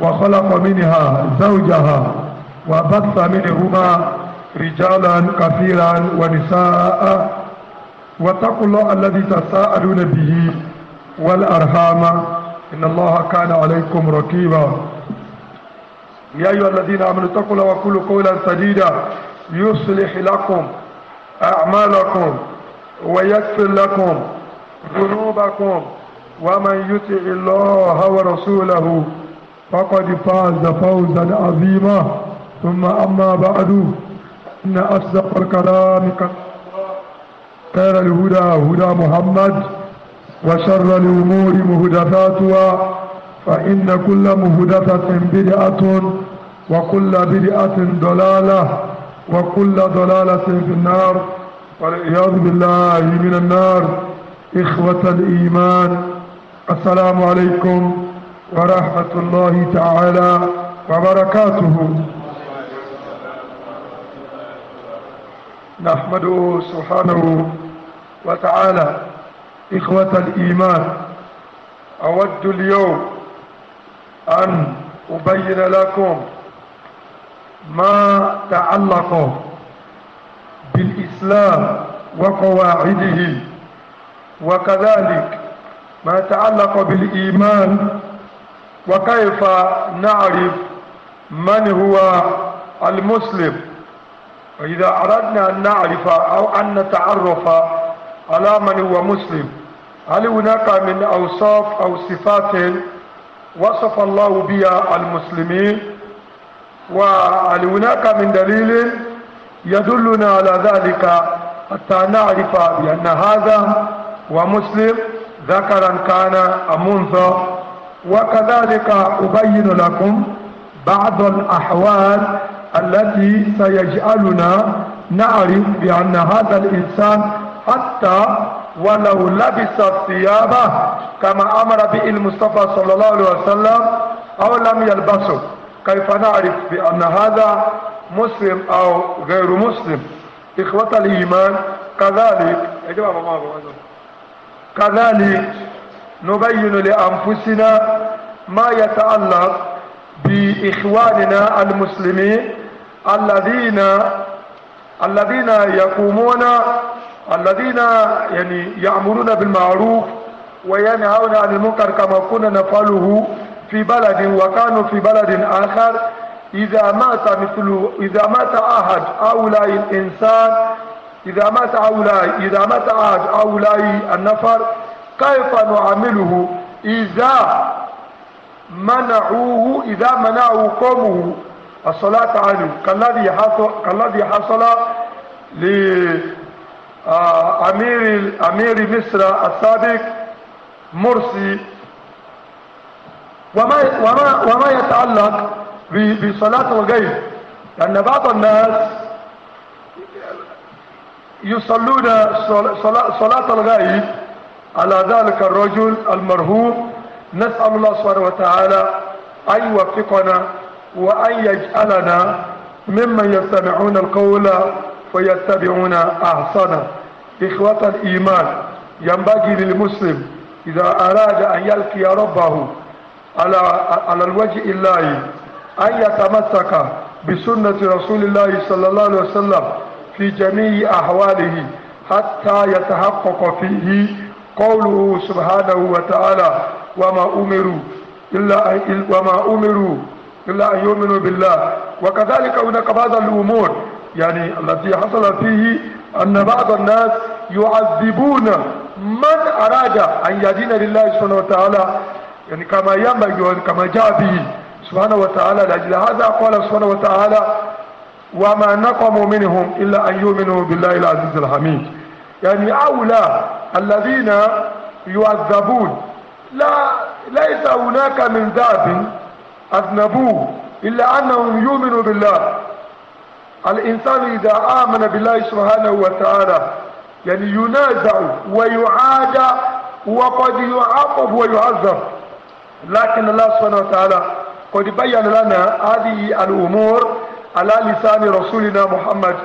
وخلق منها زوجها وبث منهما رجالا كثيرا ونساء واتقوا الله الذي تساءلون به والأرحام إن الله كان عليكم ركيبا يا أيها الذين آمنوا اتقوا الله وقولوا قولا سديدا يصلح لكم أعمالكم ويكفر لكم ذنوبكم ومن يطع الله ورسوله فقد فاز فوزا عظيما ثم أما بعد إن أصدق الكلام خير الهدى هدى محمد وشر الأمور مهدفاتها فإن كل مهدفة بدعة وكل بدعة ضلالة وكل ضلالة في النار والعياذ بالله من النار إخوة الإيمان السلام عليكم ورحمة الله تعالى وبركاته نحمده سبحانه وتعالى إخوة الإيمان أود اليوم أن أبين لكم ما تعلق بالإسلام وقواعده وكذلك ما تعلق بالإيمان وكيف نعرف من هو المسلم إذا أردنا أن نعرف أو أن نتعرف على من هو مسلم هل هناك من أوصاف أو صفات وصف الله بها المسلمين وهل هناك من دليل يدلنا على ذلك حتى نعرف بأن هذا هو مسلم ذكرا كان أم أنثى وكذلك أبين لكم بعض الأحوال التي سيجعلنا نعرف بأن هذا الإنسان حتى ولو لبس ثيابه كما أمر به المصطفى صلى الله عليه وسلم أو لم يلبسه كيف نعرف بأن هذا مسلم أو غير مسلم إخوة الإيمان كذلك كذلك نبين لأنفسنا ما يتعلق بإخواننا المسلمين الذين الذين يقومون الذين يعني يأمرون بالمعروف وينهون عن المنكر كما كنا نفعله في بلد وكانوا في بلد آخر إذا مات مثل إذا مات أحد هؤلاء الإنسان إذا مات هؤلاء إذا مات أحد هؤلاء النفر كيف نعامله إذا منعوه إذا منعوا قومه الصلاة عنه كالذي حصل كالذي حصل لأمير آه، أمير مصر السابق مرسي وما وما وما يتعلق بصلاة الغيب لأن بعض الناس يصلون صلاة الغيب على ذلك الرجل المرهوب نسأل الله سبحانه وتعالى أن يوفقنا وأن يجعلنا ممن يستمعون القول ويتبعون أحسنه إخوة الإيمان ينبغي للمسلم إذا أراد أن يلقي ربه على على الوجه الله أن يتمسك بسنة رسول الله صلى الله عليه وسلم في جميع أحواله حتى يتحقق فيه قوله سبحانه وتعالى وما أمروا إلا أن وما أمروا إلا أن يؤمنوا بالله وكذلك هناك بعض الأمور يعني التي حصل فيه أن بعض الناس يعذبون من أراد أن يدين لله سبحانه وتعالى يعني كما ينبغي كما جاء به سبحانه وتعالى لأجل هذا قال سبحانه وتعالى وما نقموا منهم إلا أن يؤمنوا بالله العزيز الحميد يعني أولى الذين يعذبون لا ليس هناك من ذاب أذنبوه إلا أنهم يؤمنوا بالله الإنسان إذا آمن بالله سبحانه وتعالى يعني ينازع ويعادى وقد يعاقب ويعذب لكن الله سبحانه وتعالى قد بين لنا هذه الأمور على لسان رسولنا محمد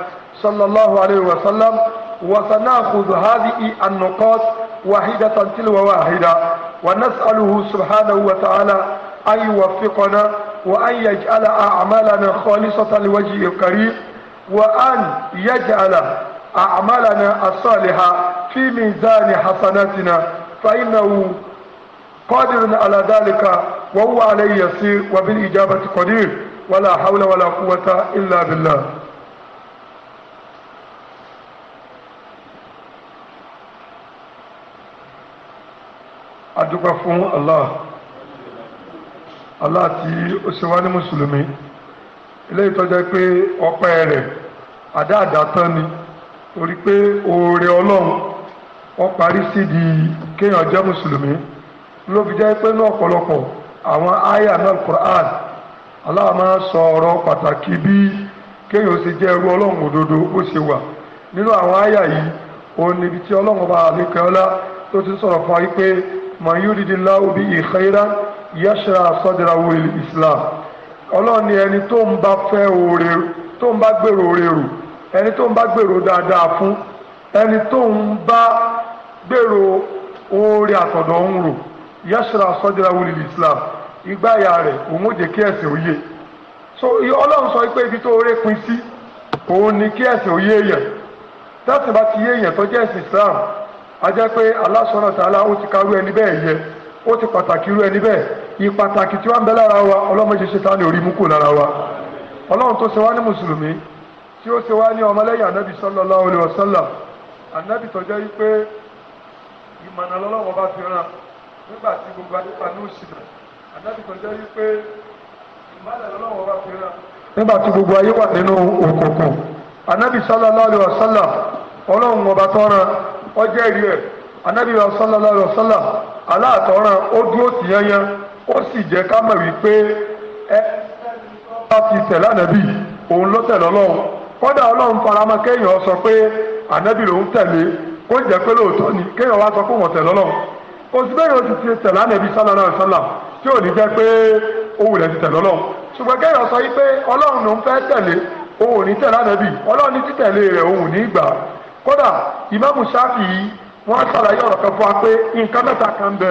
صلى الله عليه وسلم وسنأخذ هذه النقاط واحدة تلو واحدة ونسأله سبحانه وتعالى أن يوفقنا وأن يجعل أعمالنا خالصة لوجهه الكريم وأن يجعل أعمالنا الصالحة في ميزان حسناتنا فإنه قادر على ذلك وهو عليه يسير وبالإجابة قدير ولا حول ولا قوة إلا بالله adúpẹ́ fún Allah Allah tí ó ṣe wá ní mùsùlùmí eléyìí tó jẹ́ pé ọpẹ́ rẹ̀ àdáàdá tán ni torí pé oore ọlọ́run ó parí sídi kéèyàn jẹ́ mùsùlùmí ló fi jẹ́ pé ní ọ̀pọ̀lọpọ̀ àwọn àyà náà Qur'an Allah máa sọ ọ̀rọ̀ pàtàkì bí kéèyàn ṣe jẹ́ ẹrú ọlọ́run òdodo bó ṣe wà nínú àwọn àyà yìí òun níbi tí ọlọ́run bá àlékẹ́ ọlá tó ti sọ̀rọ̀ fún wa wípé man يريد الله khayran yashra sadrahu صدره islam ọlọ́run ni ẹni tó ń bá fẹ́ oore tó ń bá gbèrò oore rò ẹni tó ń bá gbèrò dáadáa fún ẹni tó ń bá gbèrò oore àtọ̀dọ̀ ń rò yashra sadrahu lil islam ìgbáyà rẹ̀ òun ò jẹ́ kí ẹ̀sìn òye so ọlọ́run sọ pé ibi tó oore pin sí òun ni kí ẹ̀sìn òye èèyàn tẹ́sìn bá ti yé èèyàn tó jẹ́ ẹ̀sìn islam ajẹ́ pé Allah subhanahu wa ó ti ẹni bẹ́ẹ̀ yẹ ó ti pàtàkì ẹni bẹ́ẹ̀ ìpàtàkì tí wọ́n bẹ lára wa ọlọ́mọ ṣe ni orí mú kù lára wa ọlọ́run tó ṣe wá ní mùsùlùmí tí ó ṣe wá ní ọmọlẹ́yìn anábì sallallahu alaihi ìmọ̀nà lọ́lọ́wọ́ bá fi gbogbo adépa ní anabi ọjọ́ ìrí ẹ̀ anábì wa sallallahu alaihi wasallam aláàtọ̀ràn ó dúró sí yanyan ó sì jẹ́ ká mọ̀ wípé ẹ bá ti tẹ̀lé ànábì òun ló tẹ̀lé ọlọ́run kódà ọlọ́run faramọ́ kéèyàn sọ pé ànábì lòun tẹ̀lé kó jẹ́ pé lóòótọ́ ni kéèyàn wá sọ pé bẹ́ẹ̀ yóò ti ti tí ò ní jẹ́ pé òun rẹ̀ ti ṣùgbọ́n kéèyàn sọ pé ọlọ́run kódà ìmáàmù ṣáfì yìí wọ́n ṣàlàyé ọ̀rọ̀ kan fún wa pé nǹkan mẹ́ta kan bẹ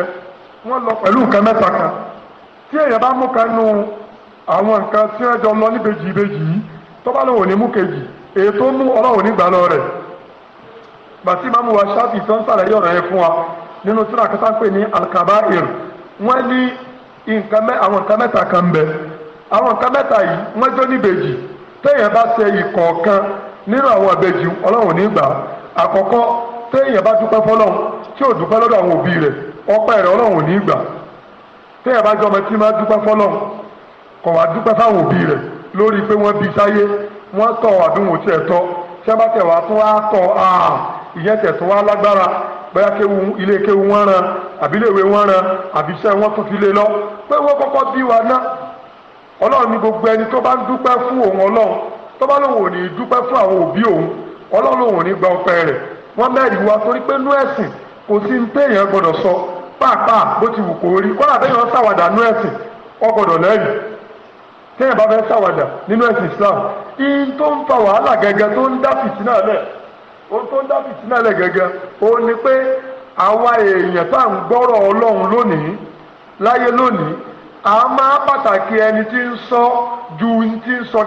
wọ́n lọ pẹ̀lú nǹkan mẹ́ta kan tí èèyàn bá mú kan nu àwọn nǹkan tí wọ́n jọ lọ níbejì ìbejì yìí tó bá lóun ò ní mú kejì èyí tó mú ọlọ́run nígbà lọ rẹ̀ bàtí ìmáàmù wa ṣáfì tó ń ṣàlàyé ọ̀rọ̀ yẹn fún wa nínú tíra kan sáà pé ní alkabair wọ́n ní àwọn nǹkan mẹ́ta kan bẹ àwọn nǹkan mẹ́ta yìí wọ́n jọ níbejì téèyàn bá ṣe ìkọ̀ọ̀kan nínú àwọn àbẹ̀jì ọlọ́run nígbà àkọ́kọ́ téèyàn bá dúpẹ́ fọlọ́run tí ò dúpẹ́ lọ́dọ̀ àwọn òbí rẹ̀ ọpẹ́ rẹ̀ ọlọ́run nígbà téèyàn bá jẹ́ ọmọ tí máa dúpẹ́ fọlọ́run kò wá dúpẹ́ fáwọn òbí rẹ̀ lórí pé wọ́n bí sáyé wọ́n tọ̀ àdúhùn tí ẹ̀ tọ́ tí wọ́n bá tẹ̀ wá tún wá tọ̀ àà ìyẹn tẹ̀ tún wá lágbára bóyá kéwu ilé kéwu wọn ran àbí iléèwé wọn ran àbí iṣẹ́ wọn tún fi lé lọ pé wọ́n kọ́kọ́ bí wa ná ọlọ́run ní gbogbo ẹni tó bá ń dúpẹ́ fún òun ọlọ́run tọ́ba lòun ò ní dúpẹ́ fún àwọn òbí òun ọlọ́run ò ní gba ọpẹ́ rẹ̀ wọ́n mẹ́rin wa torí pé nú ẹ̀sìn kò sí ní téèyàn gbọ́dọ̀ sọ pàápàá bó ti wù kó rí kọ́lá téèyàn sàwádà nú ẹ̀sìn wọ́n Islam ihun tó ń fa wàhálà gẹ́gẹ́ tó ń dá fìtínà lẹ̀ ohun tó ń dá fìtínà lẹ̀ gẹ́gẹ́ òun ni a pàtàkì ẹni tí ju ti ń sọ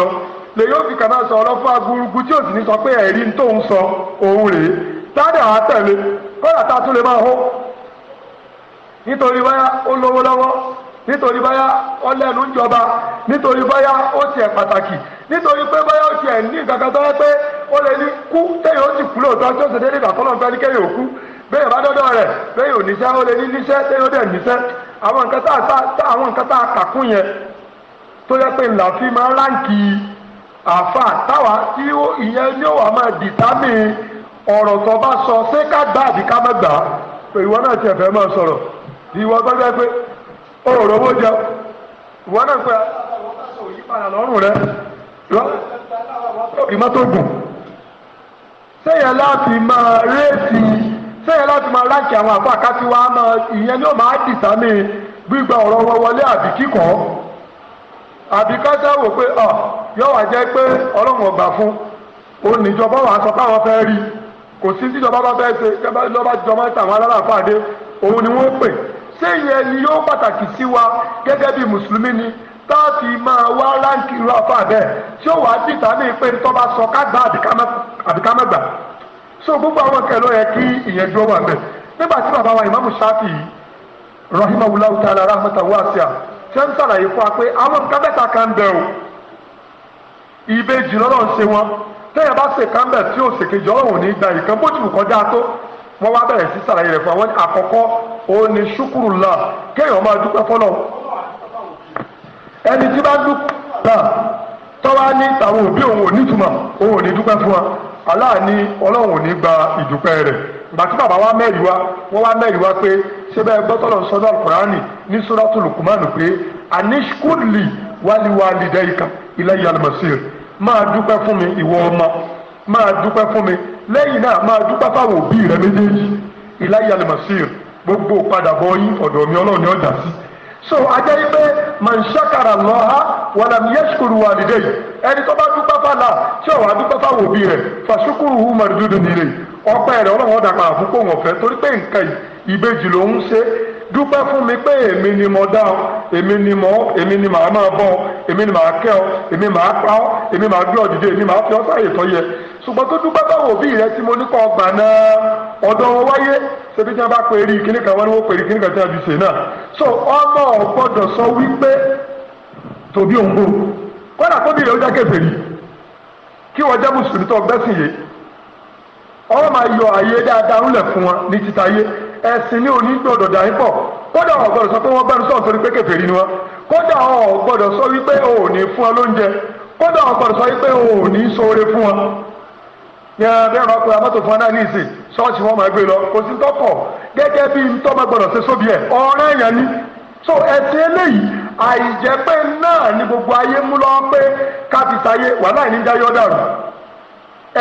lọ lè yóò fi kànáà sọ ọlọ́fọ́ agurugu tí ní sọ pé ẹ̀rí tó ń sọ òun rèé dáadé tá a tún lè máa hó nítorí báyà ó lówó lọ́wọ́ nítorí o ó lẹ́nu ń jọba nítorí báyà ó tiẹ̀ pàtàkì nítorí pé báyà ó tiẹ̀ ní kankan tó yẹ pé ó lè ní kú téèyàn ó sì kú lóòótọ́ tó bẹ́ẹ̀ bá rẹ̀ bẹ́ẹ̀ ò níṣẹ́ ó lè ní níṣẹ́ a yẹn tó yẹ pé àfa táwa tí ìyẹn ni ó wà máa dìtámì ọ̀rọ̀ tó bá sọ ṣé ká gbà àbí ká má gbà pé ìwọ náà tiẹ̀ fẹ́ máa sọ̀rọ̀ ìwọ tó jẹ́ pé ó rò owó jẹ ìwọ náà pé ìpadà lọ́rùn rẹ ìmọ́tógùn sẹ́yìn láti máa réètì sẹ́yìn láti máa ráǹkì àwọn àbá àkásí wa máa ìyẹn ni ó máa dìtámì gbígba ọ̀rọ̀ wọn wọlé àbí kíkọ́. àbí káṣá wò pé ọ ah, yóò wá jẹ́ pé ọlọ́run ọgbà fún oníjọba wà sọ káwọn fẹ́ rí kò sí tíjọba bá fẹ́ ṣe lọ́ba jọba tàwọn alálàáfàdé òun ni wọ́n pè ṣé ìyẹn ni yóò pàtàkì sí wa gẹ́gẹ́ bí mùsùlùmí ni táàfì máa wá ránkì lọ fàbẹ́ tí ó wà dìtà ní pé bá sọ gbà so gbogbo àwọn kẹlẹ́ yẹ kí ìyẹn dúró wà bẹ́ẹ̀ nígbà tí bàbá wa ṣé ń sàlàyé fún wa pé àwọn nǹkan mẹ́ta kan bẹ̀ o ìbejì lọ́dọ̀ ń ṣe wọn téèyàn bá ṣe kan bẹ̀ tí ò ṣèkejì ọlọ́run ní gba ìkan bó ti wù kọjá tó wọ́n wá bẹ̀rẹ̀ sí sàlàyé rẹ̀ fún àwọn àkọ́kọ́ òun ni ṣukurullah kéèyàn máa dúpẹ́ fọlọ́ ẹni tí bá dúpẹ́ tọ́wá ní àwọn òbí òun ò nítumọ̀ òun ò ní dúpẹ́ fún wa aláàní ọlọ́run ò ní gba ìdúpẹ́ rẹ̀ gbàtí bàbá wa mẹ́rin wa wọ́n wá mẹ́rin wa pé sẹ́bẹ̀ gbọ́tọ̀lọ̀ sọ́dọ̀ alukurani ní sọ́dọ̀tò lukumanu pé anishkuli waliwali dayika ilayya almasir máa dúpẹ́ fún mi ìwọ ọmọ máa dúpẹ́ fún mi lẹ́yìn náà máa dúpẹ́ fáwọn òbí rẹ méjèèjì ilayya almasir gbogbo padàbọ̀ yín ọ̀dọ̀ mi ọlọ́run ni ọ̀dà sí so ajá yí pé man ṣakara lọ́ha wàlàm yẹ́sùkúrú wà nídẹ́yì ẹni tó bá dúpẹ́ fàlà tí ò wá dúpẹ́ fáwọn òbí rẹ̀ fàṣukúrú hù mọ̀rẹ́dúdú nílé ọpẹ́ rẹ̀ ọlọ́run ọ̀dà pa àfúnpọ̀ wọn fẹ́ torí pé nǹkan ìbejì ló ń ṣe dúpẹ́ fún mi pé èmi ni mo dá ọ èmi ni mo èmi ni màá máa bọ́ ọ èmi ni màá kẹ́ ọ èmi màá pa ọ èmi màá gbé ọ dìde èmi màá fi ọ sáàyè tó yẹ ṣùgbọ́n tó dúpẹ́ báwo bí rẹ tí mo ní kọ́ ọgbà náà ọ̀dọ̀ wọn wáyé ṣebí tí wọn bá pè rí kíní kan wọn ni wọn pè rí kíní kan tí wọn fi ṣe náà so ọmọ ọgbọ́dọ̀ sọ wípé tòbí òǹgbò kọ́dà kóbi rẹ̀ ó jẹ́ kí wọ́n jẹ́ mùsùlùmí tó gbẹ́sìn yìí ọ máa yọ àyè dáadáa ńlẹ̀ fún wọn ní títa yé ẹ̀sìn ní onígbọ̀dọ̀ dà yín pọ̀ kódà ọ̀ gbọ́dọ̀ sọ pé wọ́n bẹ́nu sọ̀rọ̀ torí pé kèfèrí ni wọ́n kódà ọ̀ gbọ́dọ̀ sọ wípé o ò ní fún wọn lóúnjẹ kódà ọ̀ gbọ́dọ̀ sọ wípé o ò fún wọn. ní ẹbí ẹ̀rọ pé amọ́tò fún aná níìsì ṣọ́ọ̀ṣì wọn máa gbé lọ kò sí tọ́kọ̀ gẹ́gẹ́ bí ntọ́mọ gbọ́dọ̀ ṣe sóbi ẹ̀ ọ̀rẹ́ yẹn ni so ẹ̀sìn eléyìí àìjẹ́pẹ́ náà ni gbogbo ayé mú lọ pé káfíńtayé wàhálà ìníjà yọ̀ dàrú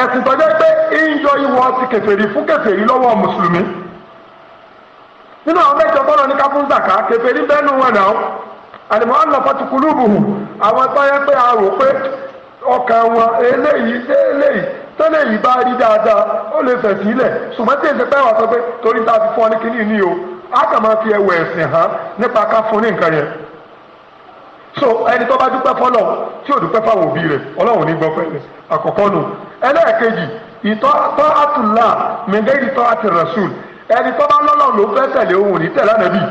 ẹ̀sìn tọ́jọ́ pé ìyọ ìwọ ti kèfèrí fún kèfèrí lọ́wọ́ mùsùlùmí nínú àwọn mẹ́jọ tọ́nà ní káfún zaka kèfèrí wọn náà àdìmọ́ àlọ́ fatikulu bùhù àwọn tọ́jọ́ pé a rò pé ọkàn wọn eléyìí eléyìí tẹ́lẹ̀ yìí bá rí dáadáa ó lè fẹ̀ sílẹ̀ ṣùgbọ́n tí èsì pẹ́ wà sọ pé a fi fún ọ ní kínní fi ẹwẹ̀ so ẹni tó bá dúpẹ́ fọlọ́ tí ò dúpẹ́ fáwọn òbí rẹ̀ ọlọ́run ní gbọ́pẹ́ rẹ̀ àkọ́kọ́ nù ẹlẹ́ẹ̀kejì ìtọ́ àtúnlá mẹ́gẹ́rì tọ́ àti rasul ẹni tó bá lọ́lọ́ ló fẹ́ tẹ̀lé òun ní tẹ̀lé ànábì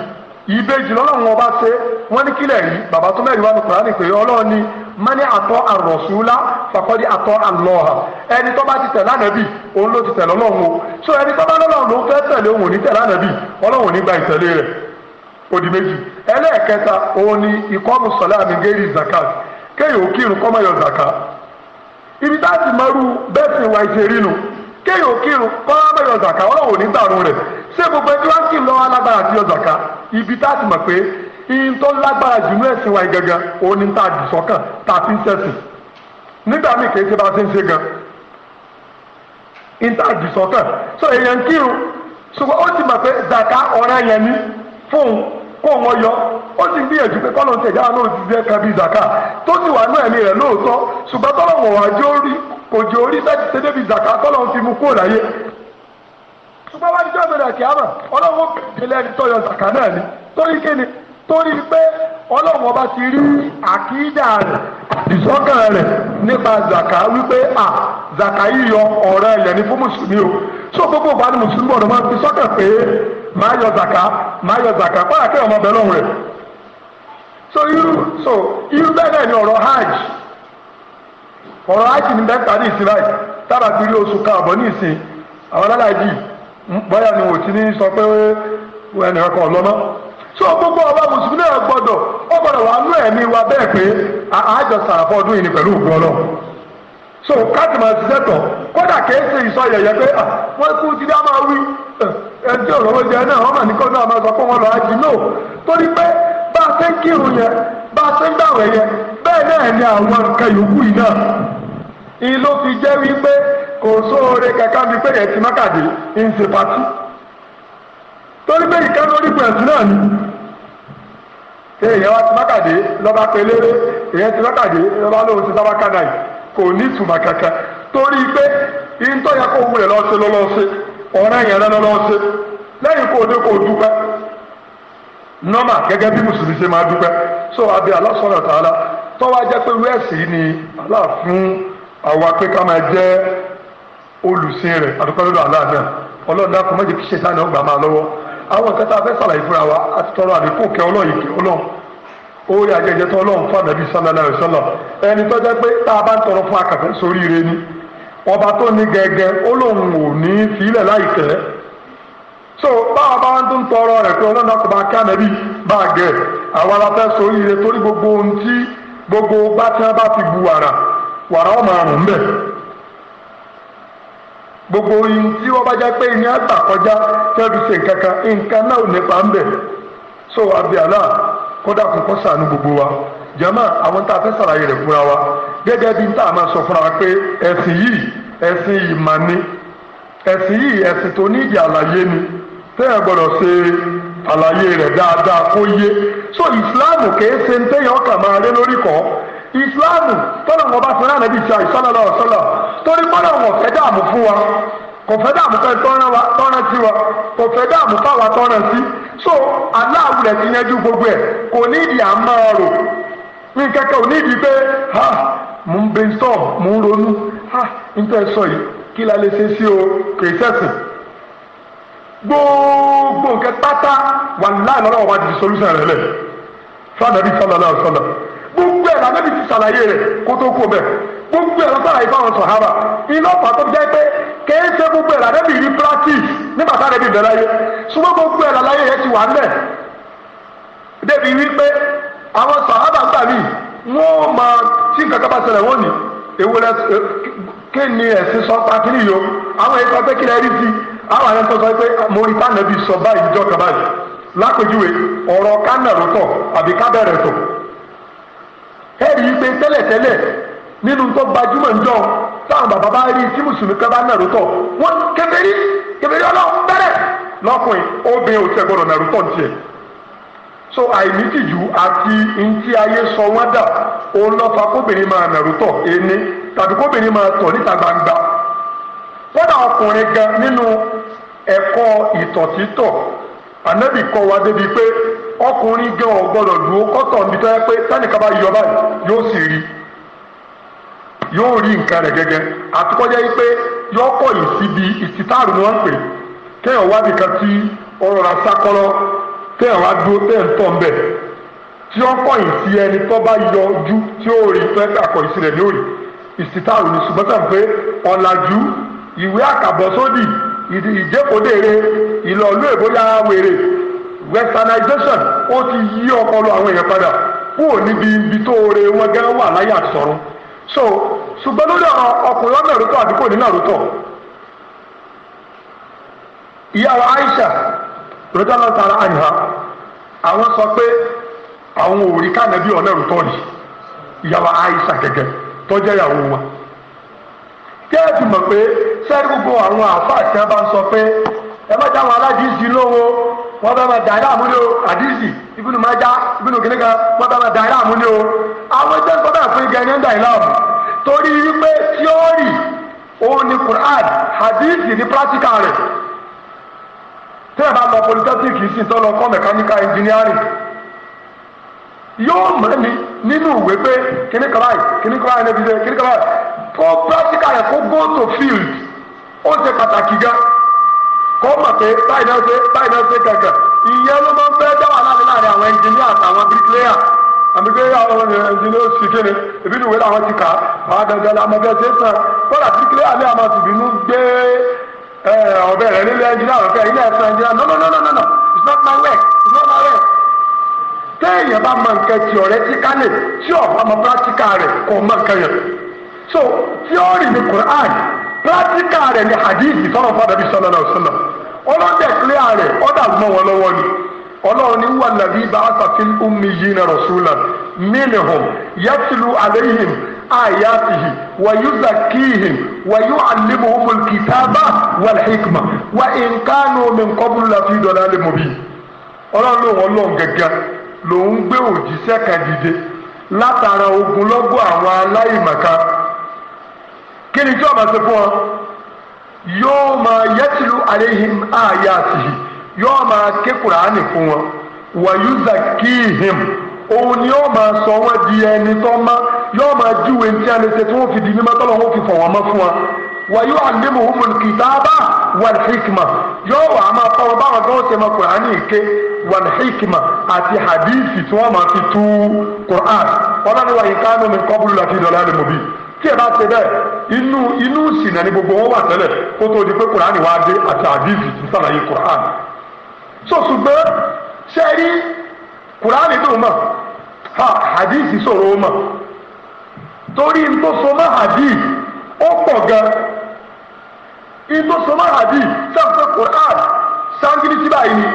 ìbejì lọ́lọ́run ọba ṣe wọ́n ní kílẹ̀ rí bàbá tó mẹ́rin wà ní pé ọlọ́run ni mani atọ arọsula fakọdi atọ alọha ẹni tó bá ti tẹ̀lé ànábì òun ló ti tẹ̀lé ọlọ́run o so ẹni tó bá lọ́lọ́run ló fẹ́ tẹ̀lé òun ní tẹ̀lé ànábì ọlọ́run ní gba ìtẹ̀lé rẹ̀ ó méjì ẹlẹ́ẹ̀kẹta òun ni ìkọ́mù sọ̀lá mi gẹ́rì zakat kéèyàn ò kọ́mọ yọ zaka ibi tá a ti máa rú bẹ́ẹ̀ sì wá ìṣe rínu kéèyàn ò kírun kọ́mọ yọ zaka ọlọ́wọ́ ní gbàrún rẹ̀ ṣé gbogbo ẹni wá sí lọ́wọ́ alágbára àti yọ zaka ibi tá a ti mọ̀ pé ihun tó lágbára jù ní ẹ̀sìn wa yìí òun ni tá a dì sọ́kàn tá a fi ń ṣẹ̀sìn nígbà míì kì bá ṣe ń ṣe gan ihun tá a dì sọ́kàn so èèyàn kírun ṣùgbọ́n ó ti mọ̀ pé zaka ọ̀rẹ́ yẹn ní fóun kó wọn yọ ó sì ń gbìyànjú pé kọ́nà tẹ̀ yára náà ti jẹ́ kábí zaka tó sì wà ní ẹ̀mí rẹ̀ lóòótọ́ ṣùgbọ́n tọ́lọ́wọ̀ wá jó rí kò jẹ́ orí láti ṣe débi zaka tọ́lọ́wọ́ fi mú kúrò láyé ṣùgbọ́n wá níjọ́ ìbẹ̀rẹ̀ kíámà ọlọ́wọ́ bèlè ẹni tọ́yọ zaka náà ni torí kíni torí pé ọlọ́wọ́ bá ti rí àkídà rẹ̀ ìsọ́kàn rẹ̀ nípa zaka wípé à zaka yíyọ ọ̀rọ̀ ẹ̀yẹ̀ ni fún mùsùlùmí o so gbogbo ìbánu mùsùlùmí ọ̀dọ́ máa fi sọ́kàn pé Ma yọ zaka ma yọ zaka kọ́ra ọmọ bẹ̀rẹ̀ rẹ. so iru so irú bẹ́ẹ̀ ni ọrọ hajj hajj ni bẹ́ẹ̀ ta ní rí oṣù àwọn aláàjì hmm, bóyá ni sọ pé so gbogbo ọba mùsùlùmí náà gbọdọ ó wà nú wa pé ọdún yìí ni pẹ̀lú ògùn Ọlọ́run so káàtì máa ṣiṣẹ́ tán kódà pé kú ti dá máa wí ẹtí ọ̀rọ̀ jẹ náà wọ́n mà ní kọ́ náà máa sọ fún wọn lọ ájì náà torí pé bá a ṣe ń kírun yẹn bá a ṣe ń gbàwẹ̀ yẹn bẹ́ẹ̀ náà ni àwọn nǹkan yòókù yìí náà ìlú fi jẹ́ wípé kò sóore kankan bíi pé ẹ̀sìn mọ́kàdé ń ṣe pàtó torí pé ìkẹ́ lórí pẹ̀sì náà ni ṣé èèyàn wá ti mọ́kàdé lọ́ba pelére èèyàn ti mọ́kàdé lọ́ba lóhùn ti sábà kánà yìí kò ní ìtumọ̀ kankan torí pé ìtọ́jà kò wúlẹ̀ lọ́ọ́ ṣe lọ́lọ́ọ́ ọ̀ràn yẹn lọ́nà lọ́wọ́ ṣe lẹ́yìn kó o dé kó o dúpẹ́ nọ́mà gẹ́gẹ́ bí mùsùlùmí ṣe máa dúpẹ́ so àbí Allah subhanahu wa ta'ala tọ́wọ́ ajẹ́ pé wẹ́ẹ̀sì ni Allah fún àwa pé ká máa jẹ́ olùsìn rẹ̀ àdúpẹ́ dákun kí gbà máa lọ́wọ́ àwọn a fẹ́ sàlàyé fúnra wa àti tọrọ àdínkù kẹ ọlọ́run kẹ ọlọ́run orí ajẹjẹ ọlọ́run fún ẹni pé ọba tó ní gẹgẹ ó ò ní so báwa bá ń tún tọrọ rẹ̀ pé ọlọ́run àkọ́bá kí ànábì bá gẹ̀ àwa la fẹ́ torí gbogbo ohun tí gbogbo bá tí bá ti bu wàrà wàrà ọmọ àrùn ń gbogbo ohun tí bá pé ní àgbà kọjá fi ṣe so abiala kódà kún kó gbogbo wa àwọn tá a wa gẹ́gẹ́ bí n tá a máa sọ fúnra wa pé ẹ̀sìn yìí ẹ̀sìn ìmọ̀ ni ẹ̀sìn yìí ẹ̀sìn tó ní ìdí àlàyé ni tẹ́yà gbọ́dọ̀ ṣe àlàyé rẹ̀ dáadáa kó yé so ìsìláàmù kìí ṣe ń tẹ́yà ọkà máa ré lórí kọ́ ìsìláàmù tọ́lá wọn bá fi rán ànábì ìṣá ìṣálọ́lá ọ̀ṣọ́lá torí gbọ́dọ̀ wọn fẹ́ dààmú fún wa kò fẹ́ dààmú fẹ́ tọ́ran sí wa kò fẹ́ dààmú fáwa tọ́ran sí so aláàwù rẹ̀ ti yanjú gbogbo ẹ̀ kò ní ìdí àmọ́ rò ní kẹ́kẹ́ ò ní pé ha mò ń brainstorm mò ń ronú ah níta ẹ sọ yìí kí la lè ṣe sí o kìí sẹ́sìn gbogbo nǹkan pátá wà láàyè lọ́wọ́ wa ti solution rẹ̀ lẹ̀ fúlànàbí sálàlá sálà gbogbo ẹ̀ lànàbí ti ṣàlàyé rẹ̀ kó tó kó bẹ̀ gbogbo ẹ̀ lọ́sàrà ìfáwọn sọ̀hábà iná pàtó jẹ́ pé kìí ṣe gbogbo ẹ̀ lànàbí rí practice nígbà tá a lẹ́bi bẹ̀rẹ̀ ayé ṣùgbọ́n gbogbo ẹ̀ làlàyé yẹn ti wà ńlẹ̀ débi wípé àwọn sọ̀hábà gbà mí wọ́n máa tí nǹkan kan bá ṣẹlẹ̀ wọ́n ní ewu rẹ kí ni ẹ̀sìn sọ pa kí ni yòó àwọn èyí sọ pé kí lè rí sí àwọn àyẹ̀ sọ sọ pé mo rí tánàbí sọ báyìí jọ kaba yìí lápèjúwe ọ̀rọ̀ kánàró tọ̀ àbí kábẹ̀rẹ̀ tọ̀ ẹ̀rí pé tẹ́lẹ̀tẹ́lẹ̀ nínú tó gbajúmọ̀ ń jọ táwọn bàbá bá rí tí mùsùlùmí kan bá nàró tọ̀ wọ́n kèfèrí kèfèrí ọlọ́run bẹ̀rẹ̀ lọ́kùnrin obìnrin ò tẹ̀ gbọ́dọ̀ so àìnítìjú àti ntí ayé sọ wọn dà òun lọ fa kóbìnrin máa nàró tọ̀ ẹni tàbí kóbìnrin máa tọ̀ níta gbangba kódà ọkùnrin gan nínú ẹ̀kọ́ ìtọ̀títọ̀ ànábì kọ́ wa débi pé ọkùnrin gan ò dúró kọ́tọ̀ níbi tó yẹ pé sẹ́nìkan bá yọ báyìí yóò sì rí yóò rí nǹkan rẹ̀ gẹ́gẹ́ àtikọ́jẹ́ yìí pé yọ kọ̀ yìí síbi ìsítàrù ni wọ́n pè kéèyàn wá nìkan tí ọ̀rọ̀ ra sákọ́lọ́ tẹ́ ẹ̀ wá dúró tẹ́ ẹ̀ ń tọ̀ ń bẹ̀ tí ó kọ̀yìn sí ẹni tó bá yọ ojú tí ó rí tó ẹ̀ kọ̀yìn sí rẹ̀ ní òrì ìsìtàrù ní ṣùgbọ́n tẹ̀ ń pé ọ̀làjú ìwé àkàbọ̀sódì ìjẹ́kọ̀dére ìlọ̀lú èbóyá wèrè westernization ó ti yí ọpọlọ àwọn èèyàn padà kúrò níbi ibi tó oore wọn gẹ́gẹ́ wà láyé àtisọ̀run so ṣùgbọ́n lórí ọkùnrin ọ̀nà rútọ̀ àdúgbò nínú àrútọ̀ ìyá wa Aisha rọ́jàlá tara àyà àwọn sọ pé àwọn ò rí kànábì ọ̀nẹ́rù tọ́ni ìyàwó àìsà gẹ́gẹ́ tọ́jẹ́ ìyàwó wọn. kẹ́ẹ̀tì mọ̀ pé sẹ́ẹ̀rì gbogbo àwọn àáfàá tí bá ń sọ pé ẹ bá jáwọn aládìsí lówó bá àmúlé o àdìsí ibùdó máa já ibùdó kìnìún kan wọ́n ma máa dàrí àmúlé o àwọn ẹgbẹ́ sọ bẹ́ẹ̀ fún igẹ̀ ní torí wípé tíọ́rì òun ni àdìsí pírátíkà tí ẹ bá lọ polytechnic yìí sì tọ́lọ kọ́ mechanical engineering yóò mọ̀ ní nínú ìwé pé kíní kan báyìí kíní kan báyìí níbi kíní kan báyìí kó practical yẹn kó go to field ó ṣe pàtàkì gan kó mọ̀ pé báyìí náà ṣe báyìí náà ṣe gàgàn ìyẹn ló máa ń fẹ́ dá wàhálà ní láàrin àwọn engineer àtàwọn bricklayer àmì pé àwọn engineer sì kéde ìbí ìwé làwọn ti kà á àwọn dandan làwọn ọmọ bẹ́ẹ̀ ṣe é sàn kó àwọn ọ̀bẹ nílé ẹnjìnà àwọn ilé ẹ̀sán ẹnjìnà no no no no no it's not my work it's not my work. téèyàn bá mọ nǹkan tí ọ̀rẹ́ tí ká lè tí ọ̀pá mọ pírátíkà rẹ̀ kò mọ nǹkan yẹn. so tíọ́rì ni Quran pírátíkà rẹ̀ ni hadithi sọ̀rọ̀ fàdàbí sọ̀rọ̀ náà sọ̀rọ̀ ọlọ́dẹ̀ kílíà rẹ̀ ọ̀dà mọ́ wọn lọ́wọ́ ni ọlọ́run ní wà nàbí bá a sàfin ummi yìí na rasulan minhum yatlu alayhim آياته ويزكيهم ويعلمهم الكتاب والحكمة وإن كانوا من قبل لفي ضلال مبين ọlọ́run lòun ọlọ́run gẹ́gẹ́ lòun gbé òjíṣẹ́ kan látara ogunlọ́gọ̀ àwọn aláìmọ̀kan kí ni tí ọba ṣe fún ọ yóò máa yẹtìlú àléhìn àyà àtìhì yóò máa ké kùránì fún wọn wàyúzà kíhìm òun ni yóò máa sọ wọn di ẹni tó má yóò máa júwe ní tí a lè ṣe tí wọ́n fi di mímọ́ tọ́lọ́ wọn fi fọ̀ wọ́n mọ́ fún wa wàyí alimuhumul kitaaba wal hikma yóò wà á máa fọ wọn báwọn gan ṣe máa kùránì ike wal hikma àti hadithi tí wọ́n máa fi tú quran wọn bá ní wàyí kánú mi kọ́ búlù láti ìdọ̀lá ni mo tí ẹ bá ṣe bẹ́ẹ̀ inú inú ìsìn náà ni gbogbo wọn wà tẹ́lẹ̀ kó tó di pé quran wá dé àti hadithi tí sàlàyé quran so ṣùgbọ́n ṣe rí quran dùn mọ́ ha hadith sọ̀rọ̀ ó mọ̀ torí n tó so mọ́ hadith ó pọ̀ gan n tó so mọ́ hadith sáfẹ́ Quran sangiri tí báyìí ni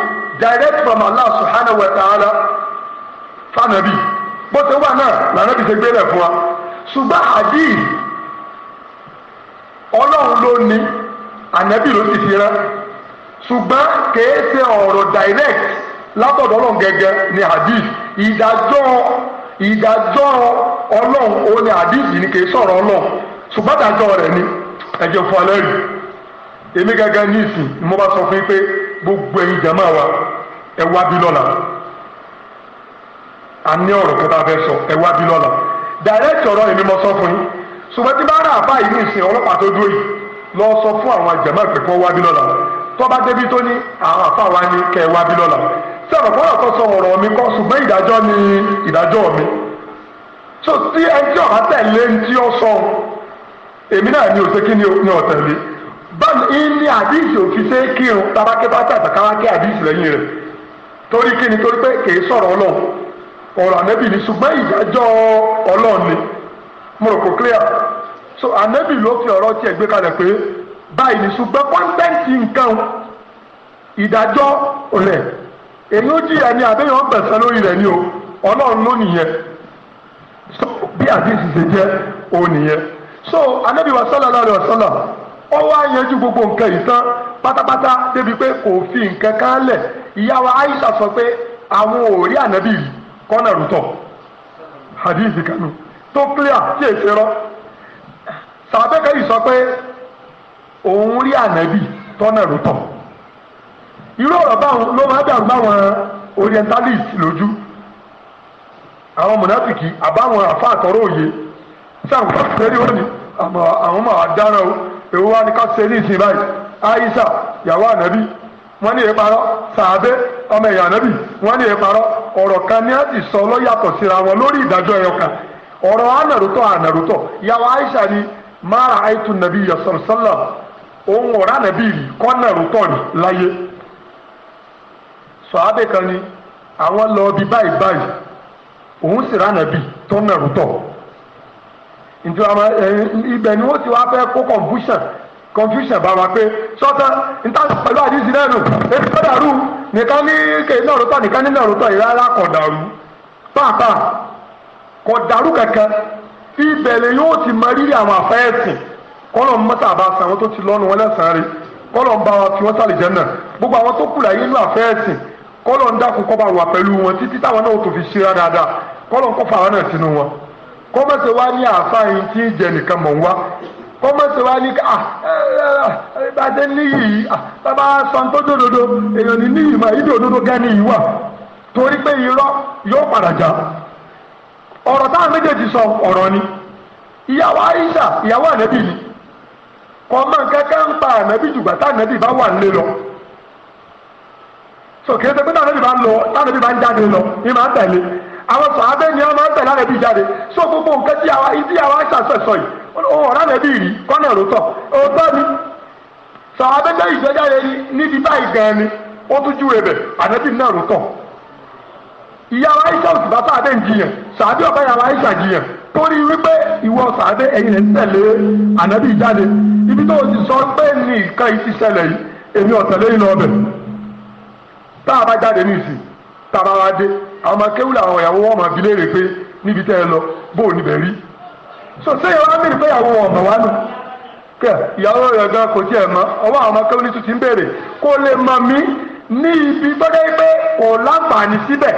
direct from Allah subhanahu wa ta'ala fanabi bó ṣe wà náà lànà bí ṣe gbélé fún wa ṣùgbọ́n hadith ọlọ́run ló ní ànábì ló sì fi rán ṣùgbọ́n kèé ṣe ọ̀rọ̀ direct látọ̀dọ̀ ọlọ́run gẹ́gẹ́ ni hadith ìdájọ́ ìdájọ́ ọlọ́run òun ni hadith ni kì í sọ̀rọ̀ ọlọ́run ṣùgbọ́n ìdájọ́ rẹ̀ ni ẹ̀jẹ̀ fún alẹ́ rí èmi gẹ́gẹ́ ní ìsìn ni mo bá sọ fún yín pé gbogbo ẹ̀yin jàmá wa ẹ wá bí lọ́la a ní ọ̀rọ̀ kẹta fẹ́ sọ ẹ wá bí lọ́la direct ọ̀rọ̀ èmi mo sọ fún yín ṣùgbọ́n tí bá rà àbá yìí ní ìsìn ọlọ́pàá tó dúró yìí lọ sọ fún àwọn jàmá pé kó wá bí lọ́la tọ́ba débi tó ní àwọn àfa wa ní kẹ́ ẹ wá bí lọ́la a sọ̀rọ̀ fún àtọ́sọ ọ̀rọ̀ mi kọ́ ṣùgbọ́n ìdájọ́ ni ìdájọ́ mi so tí ẹni tí ọ̀rá tẹ̀lé ń tí ó sọ èmi náà ni òṣèké ni ọ̀tẹ̀lé báyìí ní àdìsí òfin ṣe kírun tabakẹ́ bá tàbí káwákẹ́ àdìsí lẹ́yìn rẹ̀ torí kí ni torí pé kìí sọ̀rọ̀ ọlọ́run ọ̀rọ̀ ànẹ́bì ni ṣùgbọ́n ìdájọ́ ọlọ́run ni mo rò kó clear so ànẹ́bì ló fi ọ̀rọ̀ tiẹ̀ gbé kalẹ̀ pé báyìí ni ṣùgbọ́n kọ́ńtẹ́ǹtì nǹkan ìdájọ́ ọ̀lẹ́ èyí ó jìyà ni àbẹ́yẹ̀ wọ́n gbẹ̀sẹ̀ lórí rẹ̀ ni o ọlọ́run ló nìyẹn so bí àdìsí ṣe jẹ́ o nìyẹn so anabi wa sallallahu alayhi wa sallam ó wá yanjú gbogbo nǹkan yìí tán pátápátá débi pé kò fi nǹkan kan lẹ̀ ìyá wa Aisha sọ pé àwọn ò rí ànábì rí kọ́nà rútọ̀ àdìsí kanu tó clear tí èsì rọ sàbẹ́kẹ́ yìí sọ pé òun rí ànábì tọ́nà rútọ̀ irú ọ̀rọ̀ báwọn ló máa dàrú báwọn orientalist lójú àwọn mọ̀nàfìkì àbáwọn àfa àtọ̀rọ̀ òye sáwọn bá fẹ́rí wọn ni àwọn máa dáná o èwo wá ní ká ṣe ní ìsìn báyìí Aisha yàwó ànábì wọ́n ní ìparọ́ sàábé ọmọ ẹ̀yà ànábì wọ́n ní ìparọ́ ọ̀rọ̀ kan ní àti sọ lọ́yàtọ̀ síra wọn lórí ìdájọ́ ẹ̀yọ kan ọ̀rọ̀ ànàrútọ̀ ànàrútọ̀ yàwó Aisha ni mara aitu nàbí yasọ̀rọ̀sọ́lá òun ọ̀rọ̀ ànàbì kọ́nàrútọ̀ ni láyé. sọ̀hábẹ́ kan ni àwọn lọ bí báyìí báyìí òun sì rà nàbì tó nàrú tọ̀ ibẹ̀ ni wọ́n ti wá fẹ́ kó confusion confusion bá wa pé sọ́tàn níta pẹ̀lú àdìsí náà nù èmi tó dàrú nìkan ní kéè náà rútọ̀ nìkan ní náà rútọ̀ ìrárá kọ̀ dàrú pàápàá kọ̀ dàrú kankan ibẹ̀ lè yóò ti mọ rírì àwọn àfẹ́ẹ̀sìn kọ́lọ̀ mọ́tà bá san tó ti lọ́nu wọn lẹ́sàn-án rẹ̀ kọ́lọ̀ ń bá wa fi wọ́n sàlìjẹ́ náà gbogbo àwọn tó kù láyé inú kọ́lọ̀ ń dákun kọ́ bá wà pẹ̀lú wọn títí táwọn náà tó fi ṣíra dáadáa kọ́lọ̀ ń kọ́ fàwọn náà sínú wọn kọ́mọ̀sẹ̀ wá ní àfáàyìn tí ń jẹ nìkan mọ̀ ń wá kọ́mọ̀sẹ̀ wá ní bàtẹ́ níyì bàbá santójó dodo èèyàn ní níyì mà ìdí òdodo gẹ́ni yìí wà torí pé irọ́ yóò padà já ọ̀rọ̀ táwọn méjèèjì sọ ọ̀rọ̀ ni ìyàwó Aisha ìyàwó ànẹ́bì ni kọ́mọ̀ kẹ́kẹ́ ń pa ànẹ́bì jùgbà tá ànẹ́bì bá wà nílé lọ sọ̀kè ṣe pé táwọn ẹbí bá ń lọ táwọn ẹbí bá ń jáde lọ ni máa ń tẹ̀lé àwọn sọ abẹ́ ni wọ́n máa ń tẹ̀lé àwọn ẹbí jáde so gbogbo nǹkan tí àwa ibi àwa ṣàṣẹṣọ yìí òun ọ̀rá ẹbí rí kọ́nà ló tọ̀ òótọ́ ni sọ abẹ́ jẹ́ ìṣẹ́jáde níbi báyìí gan ni ó tún júwe bẹ̀ ànẹ́bí náà ló tọ̀ ìyá wa Aisha ò sì bá sáadé ń jiyàn sàádé ọba ìyá wa Aisha jiyàn torí wípé ìwọ sàádé ẹ̀yin ẹ̀ ń tẹ̀lé ànábì jáde ibi tó o ti sọ pé nìkan yìí ti ṣẹlẹ̀ yìí èmi ọ̀tẹ̀lẹ́yìn lọ bẹ̀ tá a bá jáde ní ìsìn tá a bá wá dé àwọn ọmọ kéwù làwọn ìyàwó wọn máa bi léèrè pé níbi tẹ́ ẹ lọ bó o níbẹ̀ rí so sẹ́yìn wá bèrè pé ìyàwó wọn ọ̀mọ̀ wá nù kẹ ìyàwó rẹ̀ gan kò tiẹ̀ mọ ọwọ́ àwọn ọmọ kéwù ní tuntun béèrè kó lè mọ mí ní ibi tọ́jọ́ pé kò láǹfààní síbẹ̀